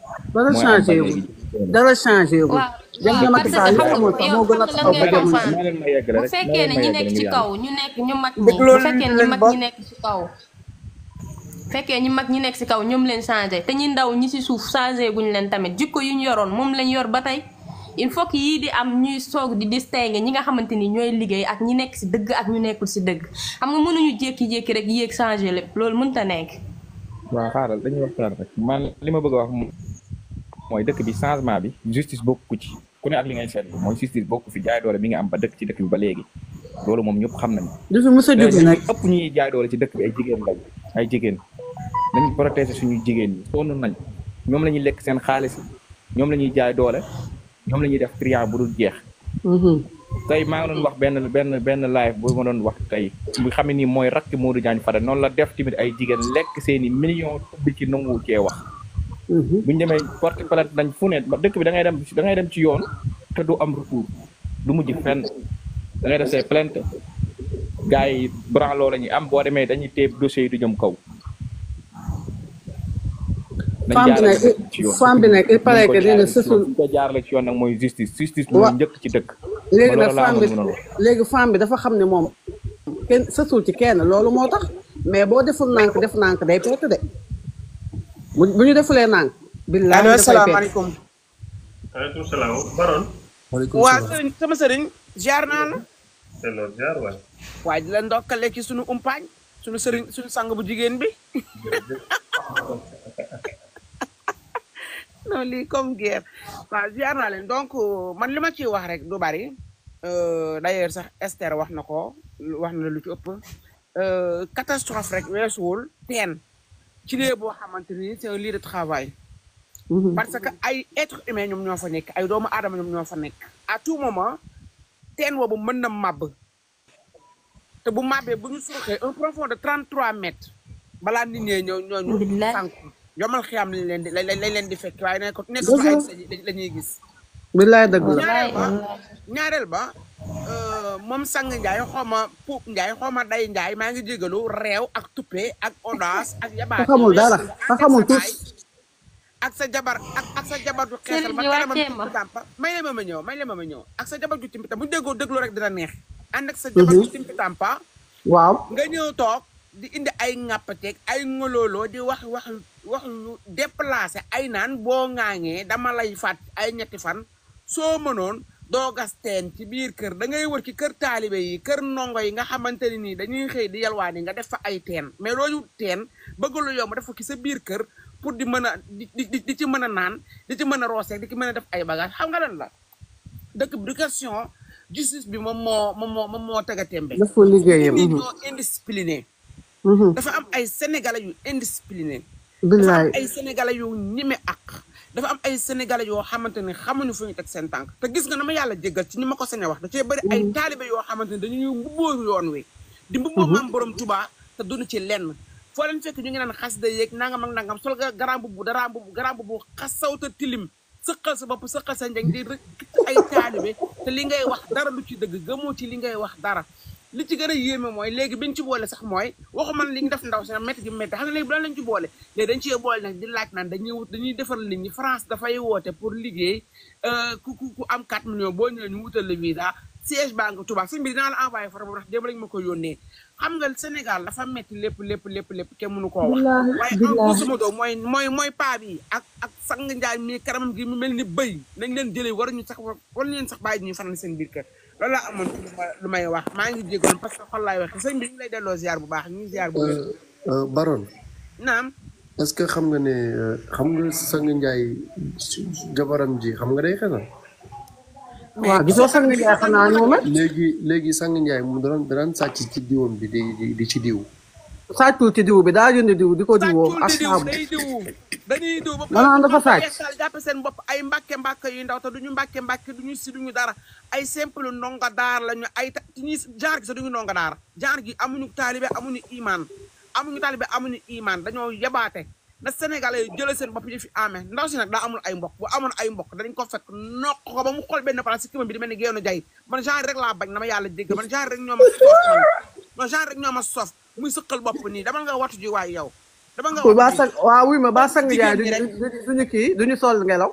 dara changé wu waaw parce que xam nga yow xam nga lan ngay comprendre bu fekkee ne ñi nekk ci kaw ñu nekk ñu mag ñi bu fekkee ne ñi mag ñi nekk ci kaw fekkee ñi mag ñi nekk ci kaw ñoom leen changé te ñi ndaw ñi ci suuf changé guñ leen tamit jikko yu ñu yoroon moom lañ yor ba tey il faut que yii di am ñuy soog di distingué ñi nga xamante ni ñooy liggéey ak ñi nekk ci dëgg ak ñu nekkul ci dëgg xam nga mënuñu jékki-jékki rek yéeg changé lépp loolu mënut a nekk. waaw xaaral dañuy waxtaan rek man li ma bëgg a wax mooy dëkk bi changement bi justice bokk ku ci ku ne ak ngay seetlu mooy justice bokk fi jaay doole am ba dëkk ci dëkk bi moom ñëpp xam na du fi mos a jóg nag ëpp ñuy jaay doole ci dëkk bi ay jigéen lañ ay jigéen suñu jigéen ñi sonn nañ ñoom la ñuy lekk seen xaalis ñoom la ñuy jaay doole ñoom la ñuy def triant bu dul jeex. Mm-hmm. tey maa ngi doon wax benn benn benn live bu ma doon wax tey bu xam ne nii mooy rakk Modou Diagne Fada noonu la def tamit ay jigéen lekk seeni i bi ci nangu cee wax. Mm-hmm. bu ñu demee porte plainte dañ fu ne dëkk bi da ngay dem da ngay dem ci yoon te du am recours du mujj fenn da ngay def say plainte gars yi branloo la am boo demee dañuy téeb dossier yi du jëm kaw. femme bi nag femme bi nag il paraît que nee na sësul jaarale ci yoon nag mooy justice justice mooy njëkk ci dëkk. léegi nag femme bi léegi femme bi dafa xam ne moom kenn sësul ci kenn loolu moo tax mais boo deful nànk def nank day perte de. bu bu ñu defulee nang. billaay allo salaamaaleykum. maaleykum salaam sëriñ jaar naa la. delloo jaar waay. waaye di la ndokkale ci sunu umpaañ sunu sëriñ sunu sang bu jigéen bi. non lii comme guerre waaw ziar naa leen donc man li ma ci wax rek du bari euh, d'ailleurs sax Esther wax na ko wax na lu ci ëpp euh, catastrophe rek weesuwul teen ci lieu boo xamante ni c'est un lieu de travail. Mm-hmm. parce que ay être humain ñoom ñoo fa nekk ay doomu aadama ñoom ñoo fa nekk. à tout moment teen bu mën na màbb te bu màbbee bu ñu suuxee un profond de 33 mètres balaa nit ñee ñoo ñoo ñu sànku yomal xiyaam lañ leen lañ leen di fekk waaye nekk nekk fa ay la ñuy gis. bilaay dëgg la ñaareel ba ñaareel ba. Euh, moom sang Ndiaye xaw ma puub Ndiaye xaw ma day Ndiaye maa ngi jégalu réew ak tuppe ak audace ak. yabaat xamul dara ka ak sa jabar ak ak sa jabar ju xeesal ma may la ma ma ñëw may la ma ma ñëw ak sa jabar ju timpitam bu déggoo déglu rek dina neex ànd ak sa mhm. jabar ju timpitampa waaw nga ñëw toog di indi ay ŋàppateeg ay ngolooloo di wax wax wax yu déplacé ay naan boo ŋaaŋee dama lay fàtt ay ñetti fan soo mënoon doo gas teen ci biir kër da ngay wër ci kër taalibe yi kër ndongo yi nga xamante ne nii dañuy xëy di yalwaani nga def fa ay teen mais looyu teen bëgg lu yomb def ko ci sa biir kër pour di mën a di ci mën a naan di ci mën a rooseeg di ci mën a def ay bagage xam nga lan la dëkk bi du question justice bi moom moo moom moo moom moo tega tembe indi ñoo mhm. indiscipliné mhm. dafa am ay sénégalais yu indiscipliné dafa am ay sénégalais yu ñime ak dafa am ay sénégalais yoo xamante ne xamuñu fu ñu teg seen tànk te gis nga na ma yàlla jéggal ci ñu ma ko sañ a wax da cee bëri ay mm-hmm. taalibe yoo xamante ne dañuy mbubboo yoon wi di mbubboo mm-hmm. maam borom tubaa te duñu ci lenn foo leen fekk ñu ngi naan xas da yeeg nangam ak nangam sol nga garambu bu darambu bu garambu bu xas sawta tilim sëqal sa bopp sëqal sa njëg di rek ay taalibe te li ngay wax dara lu ci dëgg gëmoo ci li ngay wax dara li ci gën a yéeme mooy léegi biñ ci boole sax mooy waxu man li ñu def ndaw si nag métti gi métti xam nga léegi bu lañ ci boole léegi dañ cee boole nag di dañuy wut dañuy defar nit ñi France dafay woote pour liggéey euh, ku ku ku am 4 millions boo ñëwee ñu wutal la visa siège baa nga Touba sëñ bi dinaa la envoyé photo bu ndax démb lañ ma ko yónnee xam nga Sénégal dafa métti lépp lépp lépp lépp kenn mënu koo wax waaye en suma doo mooy mooy mooy paa bi ak ak sang njaay mi karamam gi mu mel ni bëy nañ leen jëlee ñu sax war leen sax bàyyi ñu fanaan seen biir kër loolu laa amoon ci may wax maa ngi jégoon parce que xol laay waxe sëñ bi ñu lay delloo ziar bu baax ñu ziar bu baax. Euh, euh, Baron. naam. est-ce que xam nga ne euh, xam nga sang njaay jabaram ji xam nga day xanaa. waaw gisoo sang njaay xanaa ñoo léegi léegi sang njaay mu daan daan sàcc ci diwam bi di di ci diw. sàccul ci diw bi daa jënd diw di ko diwoo. ak saabu day diw dañuy diw ba maanaam dafa sàcc jàpp seen bopp ay mbàkke mbàkke yu ndaw te duñu mbàkke du ñu si duñu dara ay simple ndongo daar lañu ay ta ñuy jaar gi du ñu ndongo daar jaar gi amuñu taalibe amuñu imaan amuñu taalibe amuñu imaan dañoo yebaate na Sénégalais yi jëlee seen bopp yi fi amee ndaw si nag daa amul ay mbokk bu ay mbokk danañ ko fekk nokk ko mu xool benn place si këram bi di mel ni génn jaay man genre rek laa bañ na ma yàlla dégg man genre ñoo ma soof man genre rek ñoo ma soof muy sëqal bopp nii dama nga wattu ji waay yaw dama nga wattu ji waaw ma ba sang jaay duñu kii sol ngelaw.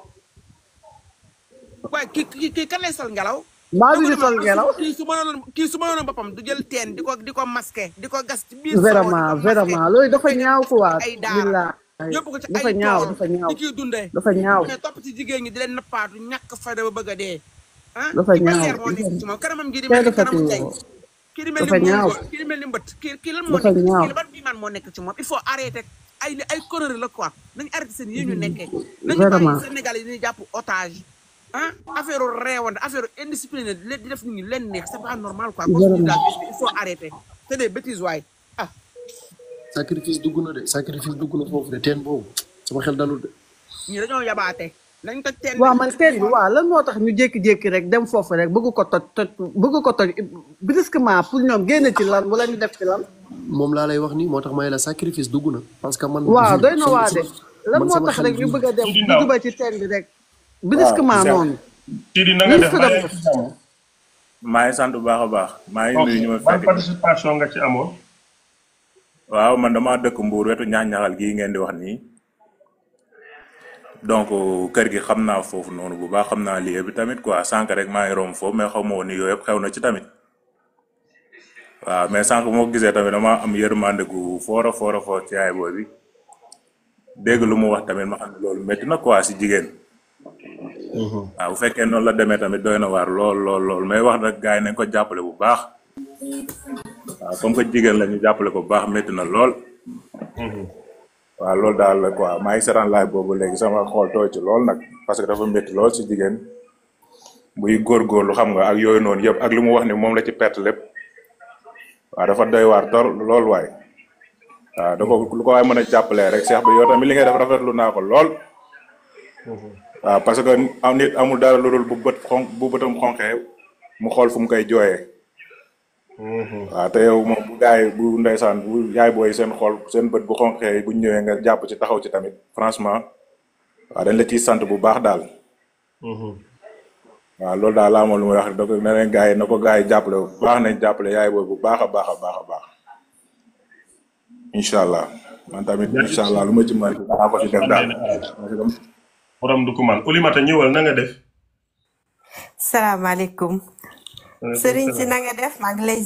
waaye kii kii kii kan lay sol ngelaw. maa ngi sol ngelaw kii su ma yoroon kii su ma yoroon boppam du jël teen di ko di ko masqué di ko gas ci biir. vraiment vraiment loolu dafa ñaaw quoi. ay yóbbu ko ci ay tool di ciy dundee dafa ñaaw mais topp ci jigéen ñi di leen nappaatu ñàkk fayda ba bëgg a dee ah dafa ñaaw moo nekk ci moom kanamam gi di mel ni kanamu tey kii di mel ni kii di mel ni mbët kii kii lan moo nekk kii ban iman moo nekk ci moom il faut arrêter ay li ay connerie la quoi nañu arrêté seen yi ñu mm-hmm. nekkee nañu bàyyi Sénégal yi dañuy jàpp otage ah affaire réewante affaire indiscipline di def nit ñi leen neex c'est pas normal quoi comme il faut arrêter c'est des bêtises waay sacrifice dugg na de sacrifice dugg na foofu de teen boobu sama xel dalul de. ñu dañoo yabaate. nañ man teen bi waaw lan moo tax ñu jékki-jékki rek dem foofu rek bëgg ko toj toj bëgg ko toj brusquement pour ñoom génn ci lan wala ñu def ci lan. moom laa lay wax nii moo tax may la sacrifice dugg na. parce que man waaw doy na waa de lan moo tax rek ñu bëgg a dem dugg ci teen bi rek. brusquement noonu. Sidi na nga def maa ngi sant bu baax a baax. maa ngi nuyu ñu ma fekk. nga ci amoon. waaw man dama dëkk Mbour wetu ñaax-ñaxal gii ngeen di wax nii donc kër gi xam naa foofu noonu bu baax xam naa lieu bi tamit quoi sànq rek maa ngi romb foofu mais xaw ma woon ni yooyu yëpp xew na ci tamit waaw mais sànq moo ko gisee tamit dama am yërmande gu foora a foor a ci yaay booy bi lu mu wax tamit ma xam ne loolu métti na quoi si jigéen mhm. waaw bu fekkee noonu la demee tamit doy na waar lool lool lool mais wax na gars yi nañ ko jàppale bu baax waaw comme ka jigéen la ñu jàppale ko bu baax métti na lool. Mhm. waaw loolu daal la quoi maa ngi seetaan laaj boobu léegi sama xool tooy ci lool nag parce que dafa métti lool si jigéen buy góorgóorlu xam nga ak yooyu noonu yëpp ak lu mu wax ni moom la ci perte lépp waaw dafa doy waar tor lool waay waaw da lu ko waay mën a jàppalee rek Cheikh bi yow tamit li ngay def rafetlu naa ko lool. Mhm. waaw parce que am nit amul dara lu dul bu bët xonk bu bëtam mu xool fu mu koy jooyee. Mm-hmm. waaw te yow bu gars yi bu ndeysaan bu yaay booy seen xool seen bët bu xonqee bu ñëwee nga jàpp ci taxaw ci tamit franchement waaw dañ la ciy sant bu baax daal. Mm-hmm. waaw loolu daal laa amoon lu may wax donc na leen gars yi na ko gars yi jàppale bu baax yaay booy bu baax a baax a baax a baax incha allah. man tamit incha allah lu ma ci mën danaa ko ci def daal. borom du ko man Oulimata ñëwal na nga def. salaamaaleykum. sëriñ si na nga def maa ngi lay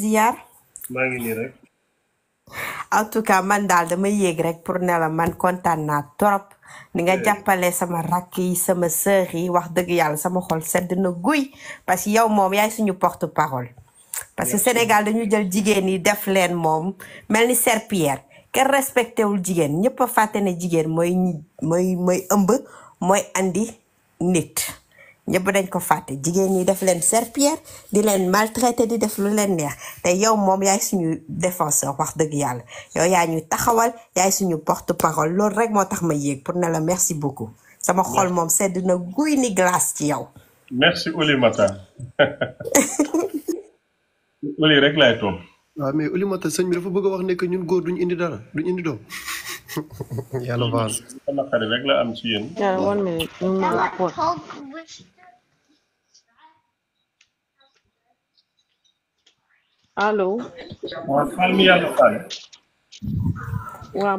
en tout cas man daal dama yéeg rek pour ne la man kontaan naa trop. ni nga eh. jàppale sama rakk yi sama sœur yi wax dëgg yàlla sama xol sedd na guy parce que yow moom yaay suñu porte parole. parce que Sénégal dañu jël jigéen yi def leen moom mel ni serpillière kenn respecté wul jigéen ñëpp a fàtte ne jigéen mooy mooy ëmb mooy indi nit. ñëpp dañ ko fàtte jigéen ñi def leen serpillère di leen maltraité di def lu leen neex te yow moom yaay suñu défenseur wax dëgg yàlla yow yaa ñuy taxawal yaay suñu porte parole loolu rek moo tax ma yéeg pour ne la merci beaucoup sama xol moom sedd na guy ni glace ci yow. merci Oulimata Ouli rek laay toog. waaw mais bi dafa bëgg a wax ne ñun góor duñ indi dara duñ indi doom. allo. waaw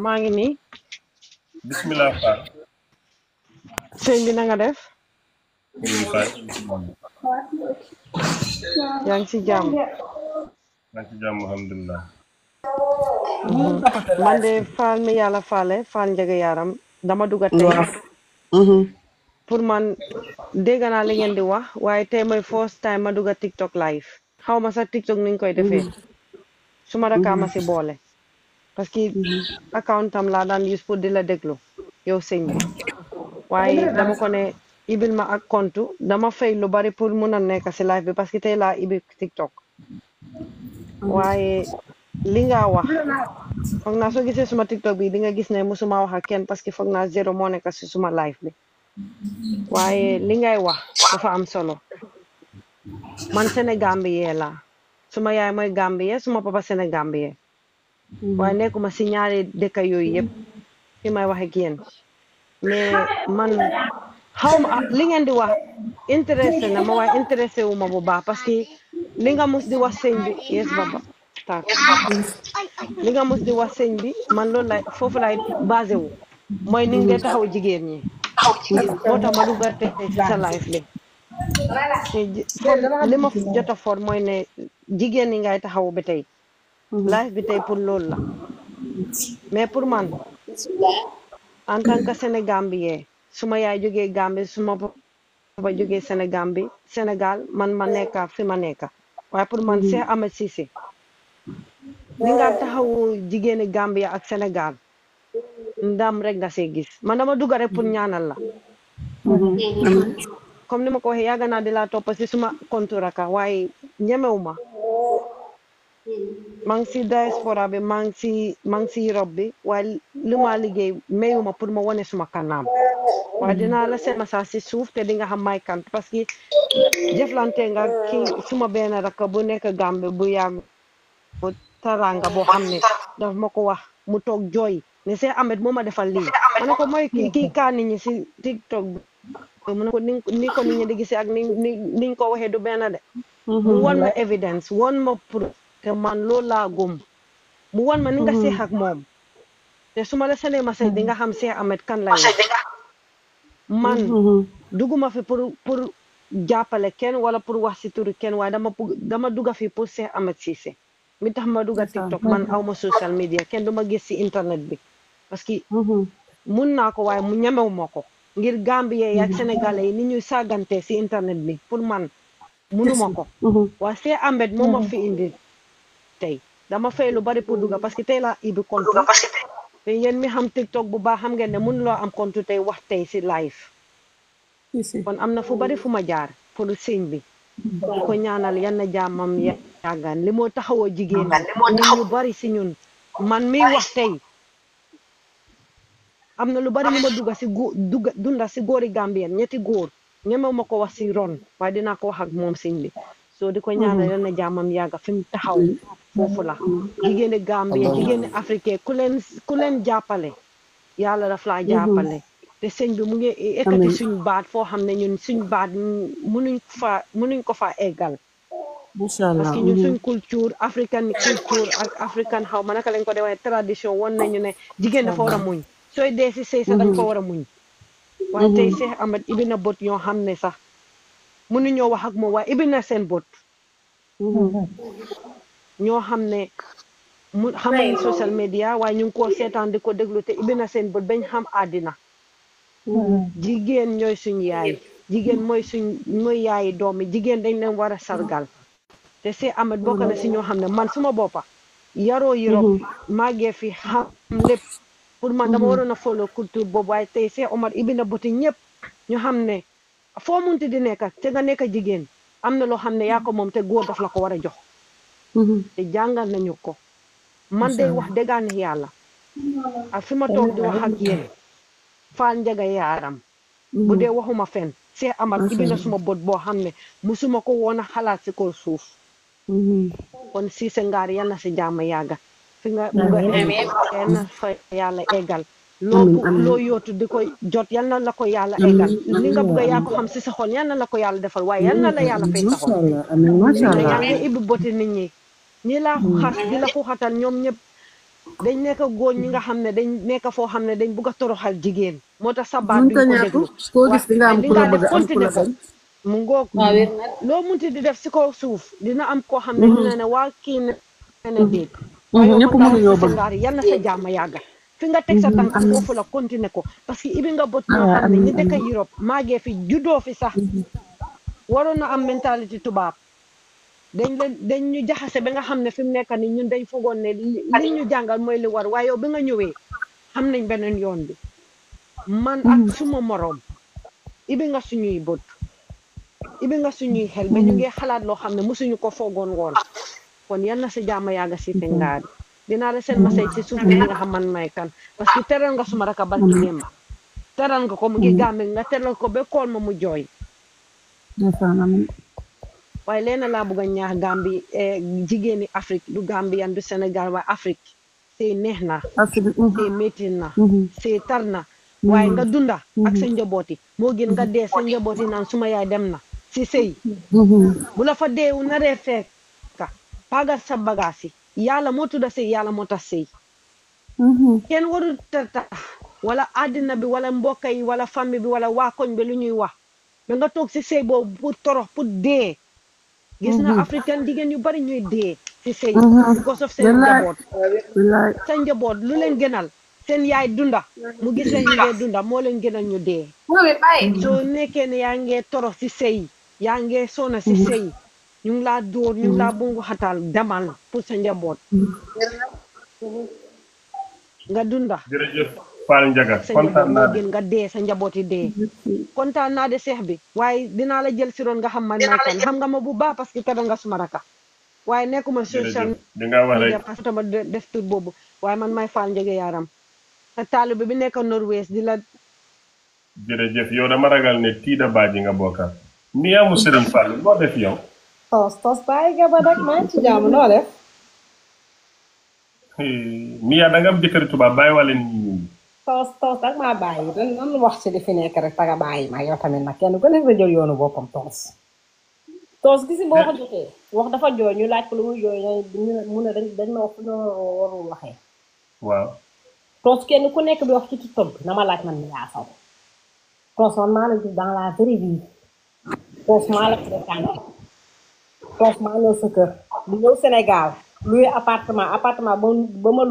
maa ngi nii. bisimilah Fall. sëñ bi nanga def. yaa ngi ci jàmm. yaa mm-hmm. man de Fall mi yàlla Falle Fall njëge yaram dama dugg tey. Mm-hmm. pour man dégg naa li ngeen di wax waaye tey mooy first time ma dugg TikTok live. xawma sax tiktok nuñ koy defee su ma rakkaa si boole parce que account laa daan use pour di la déglu yow sëñ bi waaye dama ko ne ibil ma ak compte dama fay lu bari pour mun a nekk si live bi parce que tey laa ibi tiktok waaye li nga wax foog naa soo gisee suma tiktok bi di nga gis ne musuma wax ak kenn parce que foog naa zéro moo nekk si suma live bi waaye li ngay wax dafa am solo man Sénégambien la suma yaay mooy Gambien suma papa Sénégambien mm-hmm. waaye nekkuma si ñaari dëkk yooyu yëpp fi may wax ak yéen mais man xaw ma li ngeen di wax intéressé na ma waaye intéressé wu ma bu baax parce que li nga mus di wax sëñ bi yes baba li nga mus di wax sëñ bi man loolu lay foofu lay basé wu mooy ni nga taxaw jigéen ñi moo tax ma dugal tey si sa li ma jot foor mooy ne jigéen ñi ngay taxaw ba tey mhm. live bi tey pour loolu la mais pour man en tant que sénégambien suma yaay jógee Gambie suma ba jógee Sénégambie Sénégal man ma nekka fi ma nekka waaye pour man mhm. Cheikh Ahmed Cissé li nga taxawu jigéeni Gambie ak Sénégal ndam rek nga see gis man dama dugg rek pour mhm. ñaanal la comme ni ma ko waxee yàgg naa di laa topp si suma compte Raka waaye ñemewu ma ngi si diaspora bi maa ngi si maa ngi si Europe bi waaye li ma liggéey mayu ma pour ma wane suma kanam waaye mm. dinaa la seen message si suuf te di nga xam may kant parce que jëflante nga ki suma benn raka bu nekk Gambie bu yàgg bu taranga boo xam ne daf ma ko wax mu toog jooy ne Seex Ahmed moo ma defal lii ma ne ko mooy kii kaa ñi si TikTok bi mu ne ko ni ko nit ñi di gisee ak ni niñ ko waxee du benn de mhm. mu wan ma évidence wan ma pour te man loolu laa gëm mu wan ma ni nga mhm. seex ak moom su ma la seenee message di nga xam Seex Ahmed kan lay man mhm. duguma fi pour pour jàppale kenn wala pour wax si turu kenn waaye dama dama dugga fi pour Seex Ahmed Ceesay mi tax ma dugga TikTok man aw ma social media kenn du ma gis si internet bi parce que mun naa ko waaye mu ñemew ma ko ngir Gambien yi ak Sénégalais yi ni ñuy sàggante si internet bi pour man munuma ko mhm. waa see Ameth moo ma fi indi tey dama fay lu bari pour dugga parce que tey la ibi compte te yéen mi xam TikTok bu baax xam ngeen ne mun loo am compte tey wax tey si live kon am na fu bari fu ma jaar pour signe bi ko ñaanal yan na jàmmam yàggaan li moo taxawoo jigéen ñi ñu bari si ñun man mi wax tey am na lu bari lu ma dugga si gó dugga dunda si góori Gambien ñetti góor ñemew ma ko wax si ron waaye dinaa ko wax ak moom sëñ bi soo di ko ñaanal yal na jàmmam yàgga fi mu taxaw foofu la jigéeni Gambien jigéeni africain ku leen ku leen jàppale yàlla daf laa jàppale te sëñ bi mu ngi ekkati suñ baat foo xam ne ñun suñ baat munuñ fa munuñ ko fa eggal incha allah parce que ñun suñ culture african culture african xaw ma naka lañ ko dee waaye tradition woon ñu ne jigéen dafa war a muñ sooy dee si sëy sax dañ mm-hmm. ko war muñ waaye tey Cheikh mm-hmm. Amad ibi na bot ñoo xam ne sax nu mënuñoo wax ak moom waaye ibi na seen bot mm-hmm. ñoo xam ne mu xamuñ social média waaye ñu ngi koo seetaan di ko déglu te ibi na seen bot bañ xam àddina jigéen ñooy suñ yaay jigéen mooy suñ mooy yaayi doomi jigéen dañ leen war a sargal te Cheikh Amad bokk na si ñoo xam ne man suma boppa yaroo Europe màggee fi xam lépp pour man dama mhm. waroon a follow culture boobu waaye tey Cheikh Omar ibbi na bëti ñëpp ñu xam ne foo munti di nekk te nga nekk jigéen am na loo xam ne yaa moom te góor daf la ko war a jox. Mhm. te jàngal nañu ko. man day wax dëggaan yàlla. ak fi ma toog di wax ak yéen. faal njaga yaaram. Mhm. bu dee waxuma fen Cheikh Omar ibbi na suma bët boo xam ne musuma ko woon a xalaat si ko suuf. kon Ceesay Ngaari yal na si jàmm yàgga fi nga nga egg fa yàlla eggal loo loo yootu di ko jot yal na la ko yàlla eggal li nga bëgg yaa ko xam si sa xol la ko yàlla defal waaye yal na la yàlla fay sa xol yaa ngi ibbi boti nit ñi ñi laa xas di la xuxatal ñoom ñëpp dañ nekk góor ñi nga xam ne dañ nekk foo xam ne dañ bugg a toroxal jigéen moo tax sa baat duñ ko déglu waaw li nga def continué ko mu ngoog loo munti di def si kaw suuf dina am koo xam ne dina ne waa kii ne ne déet ñëpp mënuñoo bëgg yal na sa jàmm yàgga fi nga teg sa mm-hmm. tànk foofu la continuer ko parce que ibi nga bët ñoo ah, xam ne ñu dëkk Europe maagee fi juddoo fi sax mm-hmm. waroon na am mentalité tubaab dañ leen dañ ñu jaxase ba nga xam ne fi mu nekk ni ñun dañ foogoon ne li ñu jàngal mooy li war waaye yow bi nga ñëwee xam nañ beneen yoon bi man ak mm-hmm. suma moroom ibi nga suñuy bët ibi nga suñu xel ba ñu ngi xalaat loo xam ne mosuñu ko foogoon woon kon yan na mhm. sa jàmm yàgga si tengaari dinaa la seen masay ci suuf bi nga xam may kan parce que teral nga suma raka barki démba teral nga ko mu ngi gàmbi nga teral ko ba kool ma mu jooy waaye leena laa bëgg a ñaax gambi eh, jigéeni afrique du yan du sénégal waaye afrique sey neex na mhm. sey métti na mhm. sey tar na waaye nga dunda ak sa njabooti moo gën nga dee sa njabooti naan suma yaay dem na si sëy bu la fa deewu na ree fekk faagal sa bagaas yi yàlla moo tudda sëy yàlla moo tax sëy mm-hmm. kenn warul tata wala àddina bi wala mbokk yi wala famille bi wala waa koñ bi lu ñuy wax da nga toog si sëy boobu pour torox pour dee gis na mm-hmm. africain jigéen yu bari ñuy dee si sëy mm-hmm. because of seen njaboot seen njaboot lu leen gënal seen yaay dunda mu gis leen ñu ngee dunda moo leen gënal ñu dee soo nekkee ne yaa ngee torox si sëy yaa ngee sona si sëy ñu ngi laa dóor ñu ngi laa mm-hmm. bungu xatal demal pour sa njaboot mm-hmm. nga dunda jërëjëf Fall Ndiaga kontaan naa dee sa njaboot yi dee kontaan naa de seex bi waaye dinaa la jël si roon nga xam man naa kan xam nga ma bu baax parce que tedda nga suma raka waaye nekkuma social media parce que ma def tur boobu waaye man may Fall Ndiaga yaaram sa taalibe bi nekk Norvège di la jërëjëf yow dama ragal ne tiida baaji nga bokka ni amu Serigne Fall loo def yow tos tos bàyyi nga maa ngi ci jàmm noo def. Mia da nga am jëkkër tubaab bàyyi wala nit ñi. tos maa bàyyi lan lu wax ma yow nag kenn ku nekk la jël yoonu boppam tos. tos gis nga boo ko jotee wax dafa jooy ñu laaj ko lu muy jooy ñu ne dañ ma wax kenn ku nekk bi wax ci tiktok na ma maa la gis dans la vraie foofu maa ñëw sa kër di ñëw Sénégal loué appartement appartement ba ba ma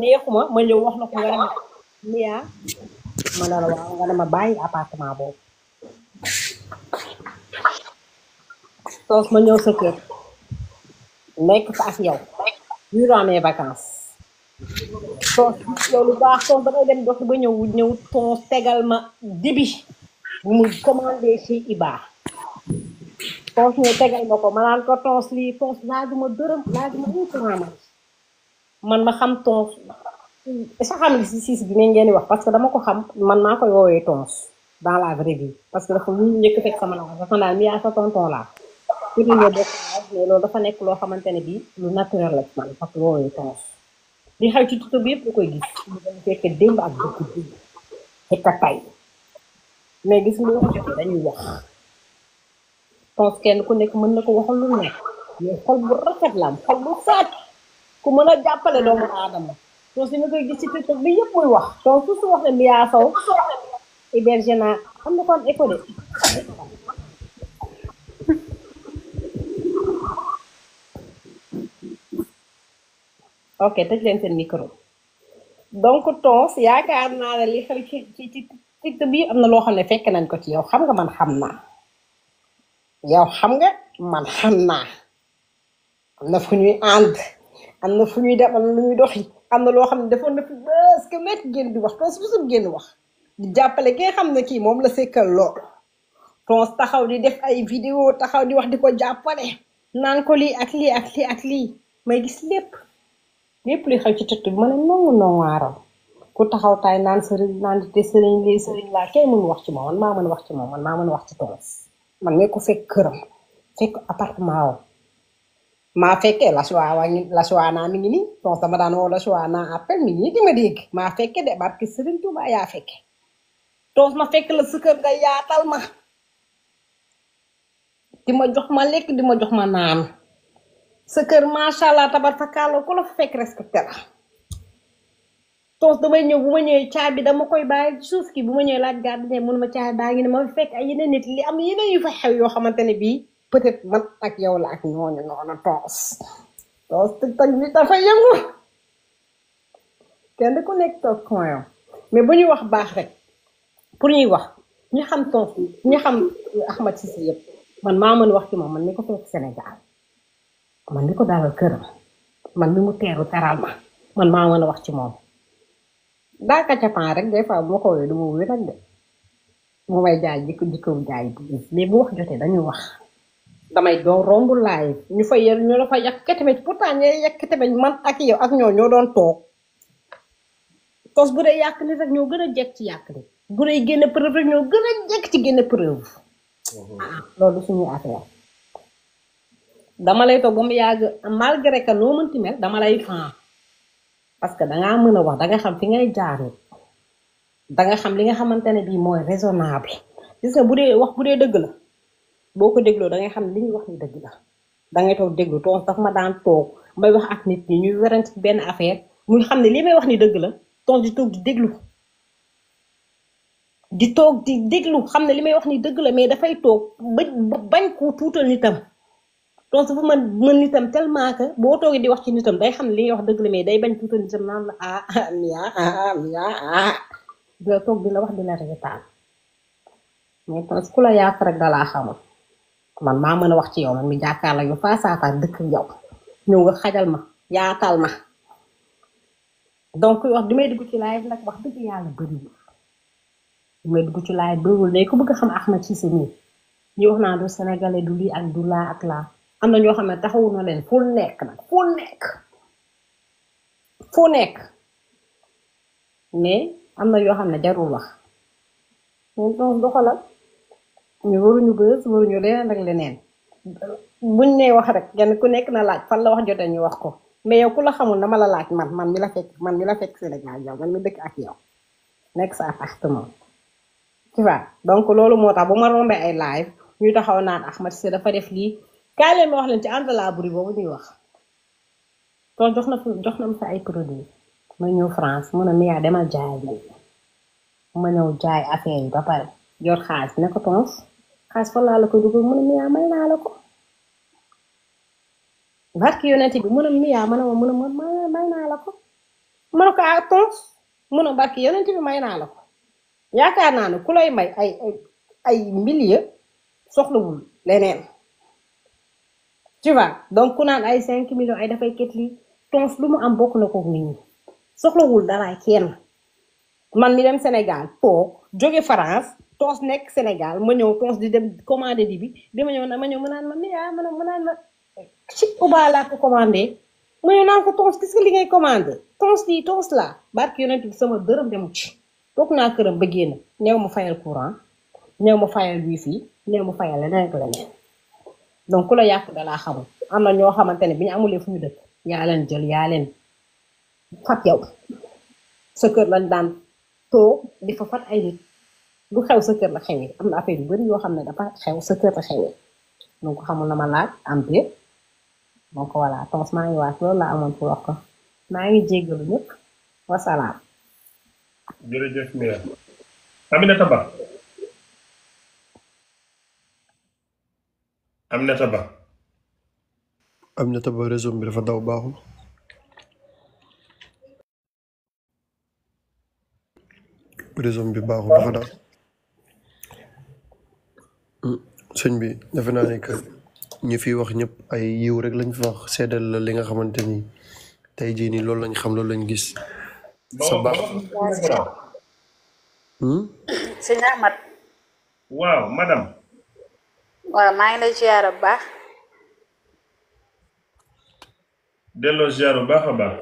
neexuma ma ñëw wax na ko nga ne ma Mia bàyyi appartement boobu foofu ma ñëw sa kër nekk fa ak yow durant mes vacances baax toos ba day dem dox ba ñëw ñëw toos tegal dibi bu mu ci Iba toos ñu tegal ma ko ma naan ko toos lii toos laajuma dërëm laajuma un franc man ma xam toos sa xam si siis bi ne ngeen di wax parce que dama ko xam man maa koy woowee toos dans la vraie vie parce que dafa mu njëkk dafa laa loolu dafa nekk loo xamante ne bii lu naturel la man parce que woowee toos li xew ci tuto bi yëpp da koy gis ñu dañ fekk démb ak dëkk bi fekk mais gis nga dañuy wax pense kenn ku nekk mën na ko waxal lu nekk mais xol bu rafet la am bu saat ku mën a jàppale doomu aadama soo si koy gis ci tiktok bi yëpp muy wax donc su su wax ne Sow hébergé naa am na ko am écho de ok tëj leen seen micro donc toos yaakaar naa ne li xel ci ci tiktok bi am na loo xam ne fekk nañ ko ci yow xam nga man xam naa yow xam nga man xam naa am na fu ñuy ànd am na fu ñuy dem am na doxi am na loo xam ne defoon na fi parce que nekk génn di wax toos bisum génn wax di jàppale ki nga xam ne kii moom la sekkal lool toos taxaw di def ay vidéo taxaw di wax di ko jàppale naan ko lii ak lii ak lii ak lii may gis lépp lépp li xew ci tëtt bi ma ne nongu nongaaral ku taxaw taay naan sëriñ naan te sëriñ lii sëriñ laa wax ci moom man maa mën wax ci moom man maa man mi ko fekk këram fekk appartement am maa fekkee la suwaa la suwaanaa mi ngi nii donc dama daan woo la suwaanaa appel mi ngi di ma dégg maa fekkee de barke Sëriñ Tuubaa yaa fekkee donc ma fekk la sa kër yaatal ma di jox ma lekk di ma jox ma naan sa kër macha allah tabaraka ku la fekk respecté la. toos damay ñëw bu ma ñëwee caabi dama koy bàyyi suuf ki bu ma ñëwee laaj gardien mënu ma caabi baa ngi ne ma fekk ay yeneen nit li am yeneen yu fa xew yoo xamante ne bii peut-être man ak yow la ak ñooñu noonu toos toos tiktok bi dafa yëngu kenn ku nekk toog mais bu ñuy wax baax rek pour ñuy wax ñi xam toos ñi xam Ahmed Cissé man maa mën wax ci moom man ni ko fekk Sénégal man mi ko dalal këram man mi mu teeru teral ma man maa mën a wax ci moom daa kacapan rek des fois bu ma ko wooyee du ma wuyu nag de mu may jaay jikko jikkoom jaay mais bu wax jotee dañuy wax damay doon romb laay ñu fa yéen ñu la fa yàq ketebeñ pourtant ñooy yàq ketebeñ man ak yow ak ñoo ñoo doon toog tos bu dee yàq nit rek ñoo gën a jekk ci yàq nit bu génne preuve rek ñoo gën a jekk ci génne preuve ah loolu suñuy affaire dama lay toog ba mu yàgg malgré ka noo mënti dama lay fan parce que dangaa mën a wax danga xam fi ngay jaar ni nga xam li nga xamante ne bii mooy raisonnable gis nga bu dee wax bu dee dëgg la boo ko dégloo dangay xam li ñuy wax ni dëgg la nga toog déglu toog sax ma daan toog may wax ak nit ñi ñuy werante benn affaire muy xam ne li may wax ni dëgg la toog di toog di déglu di toog di déglu xam ne li may wax ni dëgg la mais dafay toog ba bañ ko tuutal nitam donc dafa mën mën nitam tellement que boo toogee di wax ci nitam day xam li ngay wax dëgg la mais day bañ tuutal nitam naan la ah ah Mia ah, ah Mia ah dina toog di la wax dina reetaan mais parce que la yaakaar rek dalaa xamul man maa mën a wax ci yow man mi jàkkaar la yow face à face dëkk yow ñëw nga xajal ma yaatal ma donc wax di may dugg ci laay nag wax dëgg yàlla bëriwul di may dugg ci laay bëriwul léegi ku bëgg a xam Ahmed Cissé nii ñu wax naa du sénégalais du lii ak du laa ak am na ñoo xam ne taxawu na leen fu nekk nag fu nekk fu mais am na yoo xam ne jarul wax ñun donc doxalal ñu waruñu bës waruñu leneen ak leneen buñ nee wax rek kenn ku nekk na laaj fan la wax jotee ñu wax ko mais yow la xamul dama la laaj man man mi la fekk man mi la fekk Sénégal yow man mi dëkk ak yow appartement tu vois donc loolu moo tax bu ma rombee ay live ñu taxaw naan Ahmed Cissé dafa def lii kaay leen ma wax leen ci ànd laa buri boobu ñuy wax jox na jox na ma fa ay produit ma ñëw France mu ne miyaa demal jaay bi ma ñëw jaay affaire yi ba pare yor xaalis ne ko tons xaalis fa laa la ko dugal mu ne miyaa may naa la barki yonent bi mu ne miyaa ma ma mu ne ma may naa la ko ah, tons mu barki yonent bi may naa la ko yaakaar naa ne ku lay may ay ay tu vois donc ku naan ay 5 millions ay dafay ket lii tons lu mu am bokk na ko nit ñi soxlawul dara kenn man mi dem Sénégal toog jóge France tons nekk Sénégal ma ñëw tons di dem commandé di bi dama ñëw na ma ñëw ma naan ma mais ah ma ma naan ma ci ko tons gis nga li ngay commandé tons lii tons laa barke yonent sama dërëm demu ci toog naa këram ba génn ñëw ma fayal courant ñëw ma fayal wifi ñëw ma fayal leneen ak leneen donc ku la yàq dalaa xamul am na ñoo xamante ne bi ñu amulee fu ñu dëkk yaa leen jël yaa leen fat lañ daan di fa fat ay nit lu xew la xewee am na affaire yu bari yoo xam ne dafa xew sa kër la xewee donc xamul na ma laaj am déet donc voilà tons maa ngi waat la laa amoon pour wax ko maa ngi jéggalu ñëpp Aminata Ba. Aminata Ba réseau bi dafa daw baaxul. réseau bi baaxul dafa daw. sëñ bi defe naa ne que ñi fiy wax ñëpp ay yiw rek lañ fi sedda seedal la li nga xamante ni tey jii nii loolu lañ xam loolu lañ gis. sa baax. Hmm? sëñ Ahmad. waaw waaw maa ngi lay ziar bu baax. delloo ziar bu baax a baax.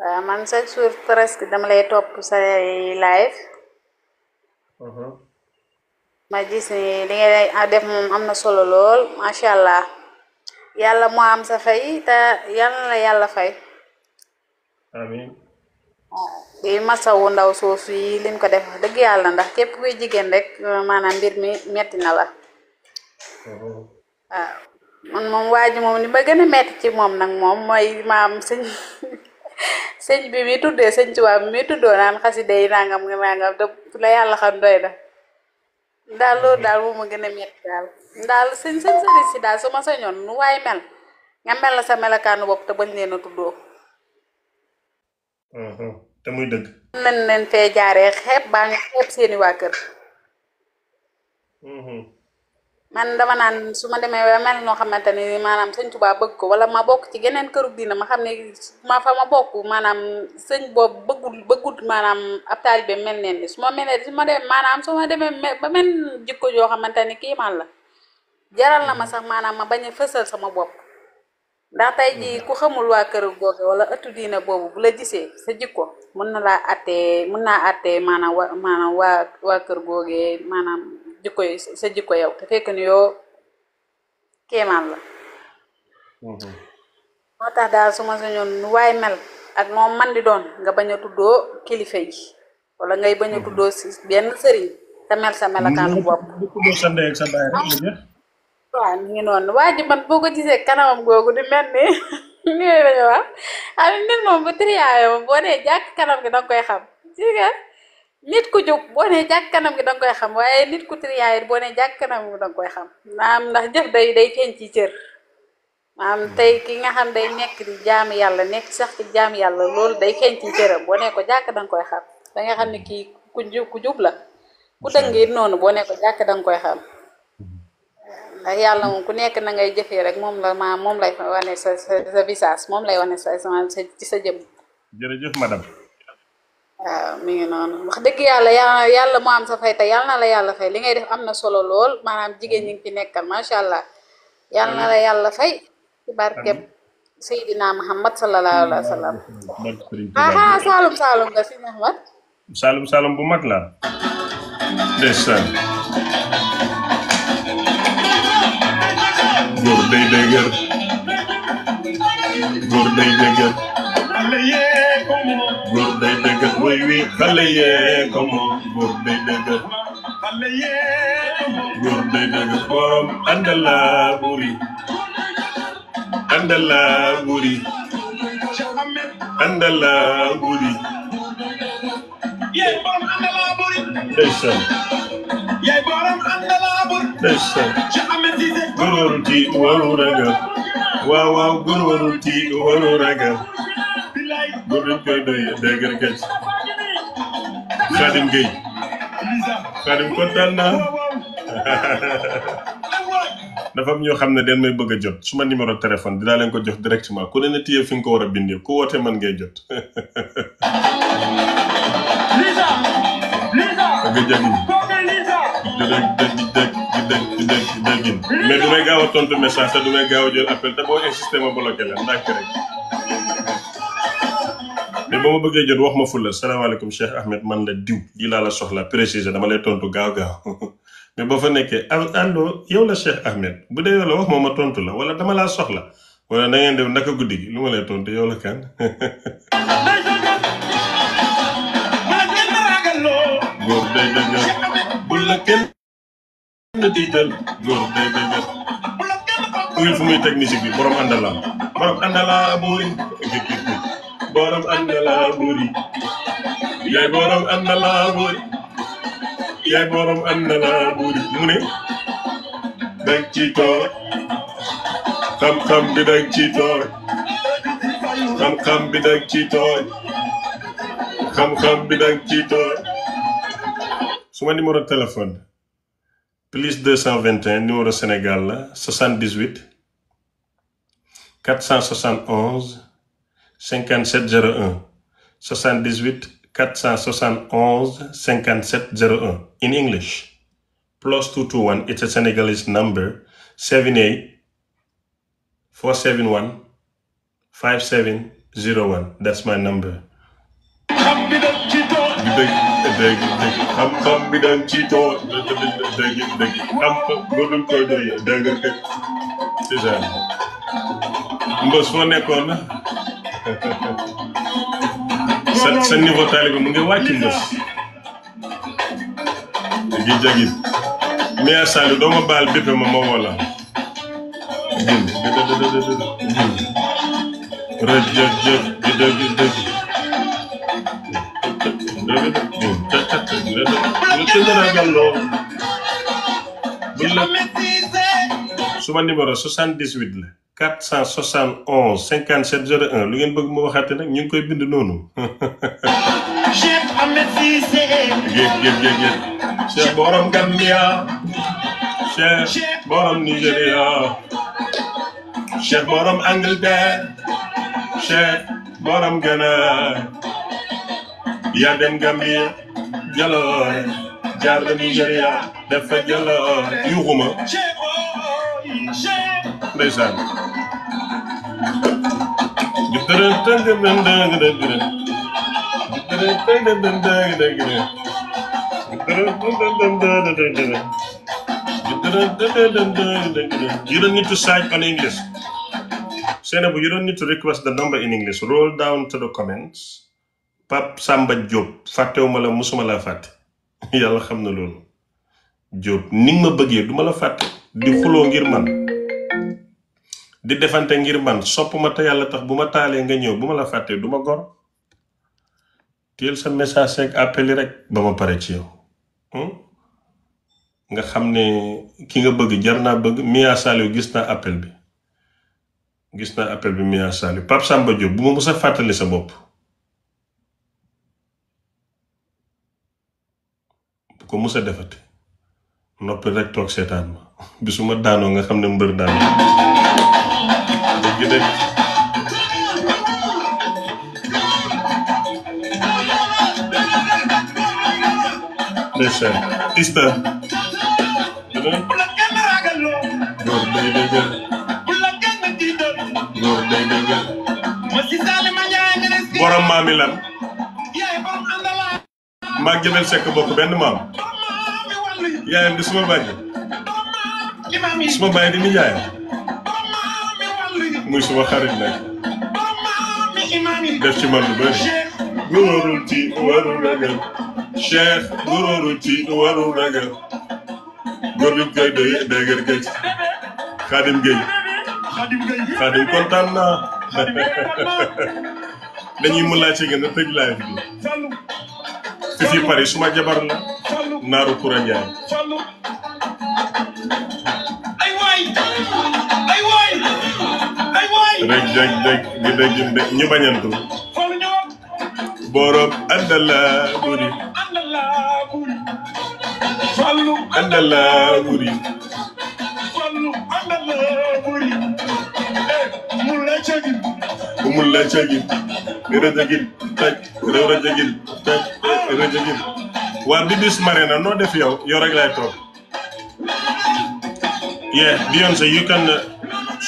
waaw man chaque jour presque dama lay topp say live. Uh-huh. ma gis ni li ngay def moom am na solo lool macha allah yàlla moo am sa fay te yàlla la yàlla fay. amiin. di wu ndaw soosu yi liñ ko def dëgg yàlla ndax képp kuy jigéen rek maanaam mbir mi metti na la. waaw man moom waa ji moom li ma gën a metti ci moom nag moom mooy maam sëñ sëñ bi mi tuddee sëñ da la su ma waay mel nga mel la sa melakaanu bopp te bañ leen a tuddoo mm-hmm. te muy dëgg nañ leen fee jaaree xeeb baa nga xeeb seeni waa kër mm-hmm. man dama naan su ma demee ba mel noo xamante ni maanaam sëñ Tuubaa bëgg ko wala ma bokk ci geneen këru diina ma xam ne ma fa ma bokk maanaam sëñ boobu bëggul bëggut maanaam ab taalibe mel neen su ma melee su ma dem maanaam su ma demee ba mel jikko yoo xamante ni kii la jaral na ma sax maanaam ma bañ a fësal sama bopp ndax tey jii ku xamul waa kër googe wala ëttu diina boobu bu la gisee sa jikko mën na laa attee mën naa attee maanaam wa maanaam waa waa kër googe maanaam jikko yi sa jikko yow te fekk ni yoo kéemaan la mhm. moo tax daal su ma nu waay mel ak moom man di doon nga bañ a tuddoo kilifa yi wala ngay bañ a mhm. tuddoo si benn sëriñ te mel sa melakaanu bopp waaw ngi noonu waa man boo ko gisee kanamam googu di mel ni ñooy lañu wax am nit moom bu triaayoo boo nee jàkk kanam gi danga koy xam nit ku jóg boo ne jàkk kanam gi danga koy xam waaye nit ku triyaayit boo ne jàkk kanam danga koy xam maam ndax jëf day day feeñ ci cër maam tey ki nga xam day nekk di jaam yàlla nekk sax ci yàlla loolu day kenn ci cëram boo ne ko jàkk danga koy xam da nga xam ne kii ku jub ku jub la ku dëng it noonu boo ne ko danga koy xam ndax yàlla moom ku nekk na ngay jëfee rek moom la maam moom lay wane sa sa visage moom lay wane sa sa ci sa jëm jërëjëf madame waaw mi ngi dëgg yàlla yàlla yàlla mu am sa fay te yàlla na la yàlla fay li ngay def am na solo lool maanaam jigéen ñi ngi fi nekkal macha allah yàlla na la yàlla fay ci barkeb Seydina Muhammad sallallahu alayhi wa sallam aha Saalum bu mag la ndeysaan góor day dëgër xale day dëggal way wi xale yee ko moom day dëggal xale yee ko moom day dëggal borom andala buri andala buri andala buri yee waru tiit waru ragal waaw waaw góor waru tiit loolu dañ dafa am ñoo xam ne den may bëgg a jot suma numéro téléphone dinaa leen ko jox directement ku ne na téye fi nga ko war a bindee ku wootee man ngay jot Lisa a nga jagin du may gaaw a tontu message te du may gaaw a jël appel te boo insisté ma bloqué la ndànk rek mais ba ma bëggee jot wax ma fulla salaamaaleykum Cheikh Ahmed man la diw lii laa la soxla préciser dama lay tontu gaaw gaaw mais ba fa nekkee àndoo yow la Cheikh Ahmed bu dee yow la ma tontu la wala dama laa soxla wala na ngeen def guddi gi lu ma lay tontu yow kan. fu muy teg bi borom borom am na laa buri yaay borom am na laa buri yaay borom am na laa buri mu ci toor xam-xam bi dañ ci toor xam-xam bi dañ ci toor xam-xam bi dañ ci toor suma numéro téléphone plus 221 numéro Sénégal la 78 471 57 01 78 471 57 01 in English plus 221 it's a Senegalese number 78 471 5701 that's my number dégg dégg xam-xam bi dañ ci too dégg dégg xam-xam boo doon koy doyee dégg nga c'est ça mbës sa sa niveau taalibe mu ngi wàcc mbës gi jagit Mia Saliou doo ma baal bépp ma ma woo la jël rëj jëf jëf gi dëgg dëgg suma numéro 78 la 471 57 01 lu ngeen bëgg mu waxaate nag ñu ngi koy bind noonu. Cheikh Ahmed Cissé. géej Borom Gambia. Cheikh Borom Nigéria. Cheikh Borom Angleterre. Cheikh Borom Ghana. yaa dem Gambia. jaloore. jaar ba Nigéria. dafa ndeysaan di dërë tënd dënd dëng dëng dëng di dërë tënd dënd dëng dëng dëng di dërë tënd dënd dëng English Seynabou you don't need to request the number in English roll down to the comments Pape Samba Diop fàttewuma la musuma laa fàtte yàlla xam na loolu Diop ni ma bëggee duma la fàtte di xuloo ngir man di defante ngir man sopp ma te yàlla tax bu ma taalee nga ñëw bu ma la fàttee du ma gor teel sa message ak appel rek ba ma pare ci yow hmm? nga xam ne ki nga bëgg jar naa bëgg Mia Saliou gis naa appel bi gis naa appel bi Mia Saliou Pape Samba Diop bu ma mës a fàttali sa bopp bu ko mës a defati noppi rek toog seetaan ma bi daanoo nga xam ne mbër daanoo gidelim. Neyse. Borom maam yi lan. Maag Jabel Seck bokk benn maam. yaayam di suma bàjj. suma bàyyi di muy suma xarit nag def ci man lu bëri gurooru ti waru ragal cheikh gurooru ti waru ragal góor bi koy doy dëgër géej xaadim géej xaadim kontaan naa dañuy mën laa ci fi Paris suma jabar la naaru Koura rek rek rek ñu dégg ñu bañantu borom andala buri andala buri la cagin rëjëgin taj rëjëgin taj waa bi bis noo def yow yow lay toog yeah Beyoncé you can uh,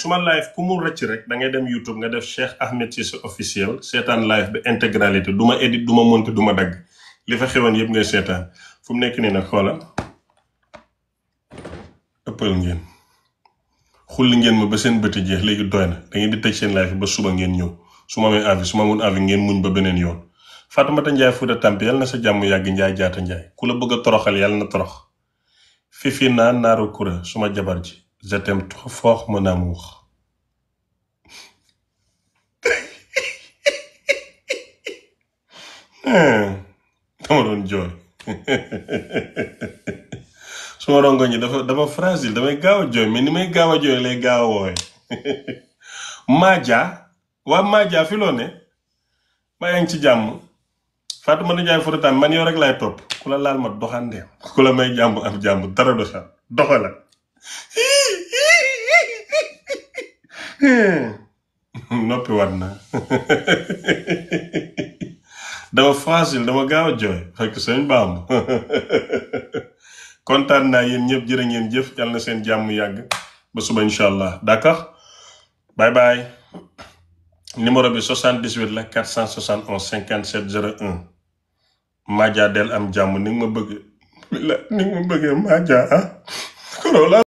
suma live ku mu rëcc rek da ngay dem YouTube nga def Cheikh Ahmed sa officiel seetaan live bi intégralité du ma édit du ma monté du ma dagg li fa xewoon yëpp ngay seetaan fu mu nekk nii nag xoolal ëppal ngeen xulli ngeen ma ba seen bëti jeex léegi doy na da ngeen di tëj seen live ba suba ngeen ñëw su ma amee envie su ma amoon envie ngeen muñ ba beneen yoon Fatoumata Ndiaye Fouta Tampi yàlla na sa jàmm yàgg Ndiaye jaata Ndiaye ku la bëgg a toroxal na torox. Fifina Narukura suma jabar ji je t'aime trop fort mon amour hmm, dama doon jooy suma rongoñ yi dafa dafa fragile damay gaaw a jooy mais ni may gaaw a jooy lay gaaw a wooye Maja waa Maja fi loo ne ci jàmm Fatoumata Ndiaye Fouta Tampi man yow rek laay topp ku la laal ma doxande ku la may jàmm am jàmm dara du noppi waat dama facile dama gaaw a jooy fekk sëñ baam kontaan naa yéen ñëpp jërë ngeen jëf yàlla na seen jàmm yàgg ba suba incha allah d'accord bye bye. numéro bi 78 la 471 57 01 Madia del am jàmm ni nga ma bëgg la ni nga ma bëggee Madia ah.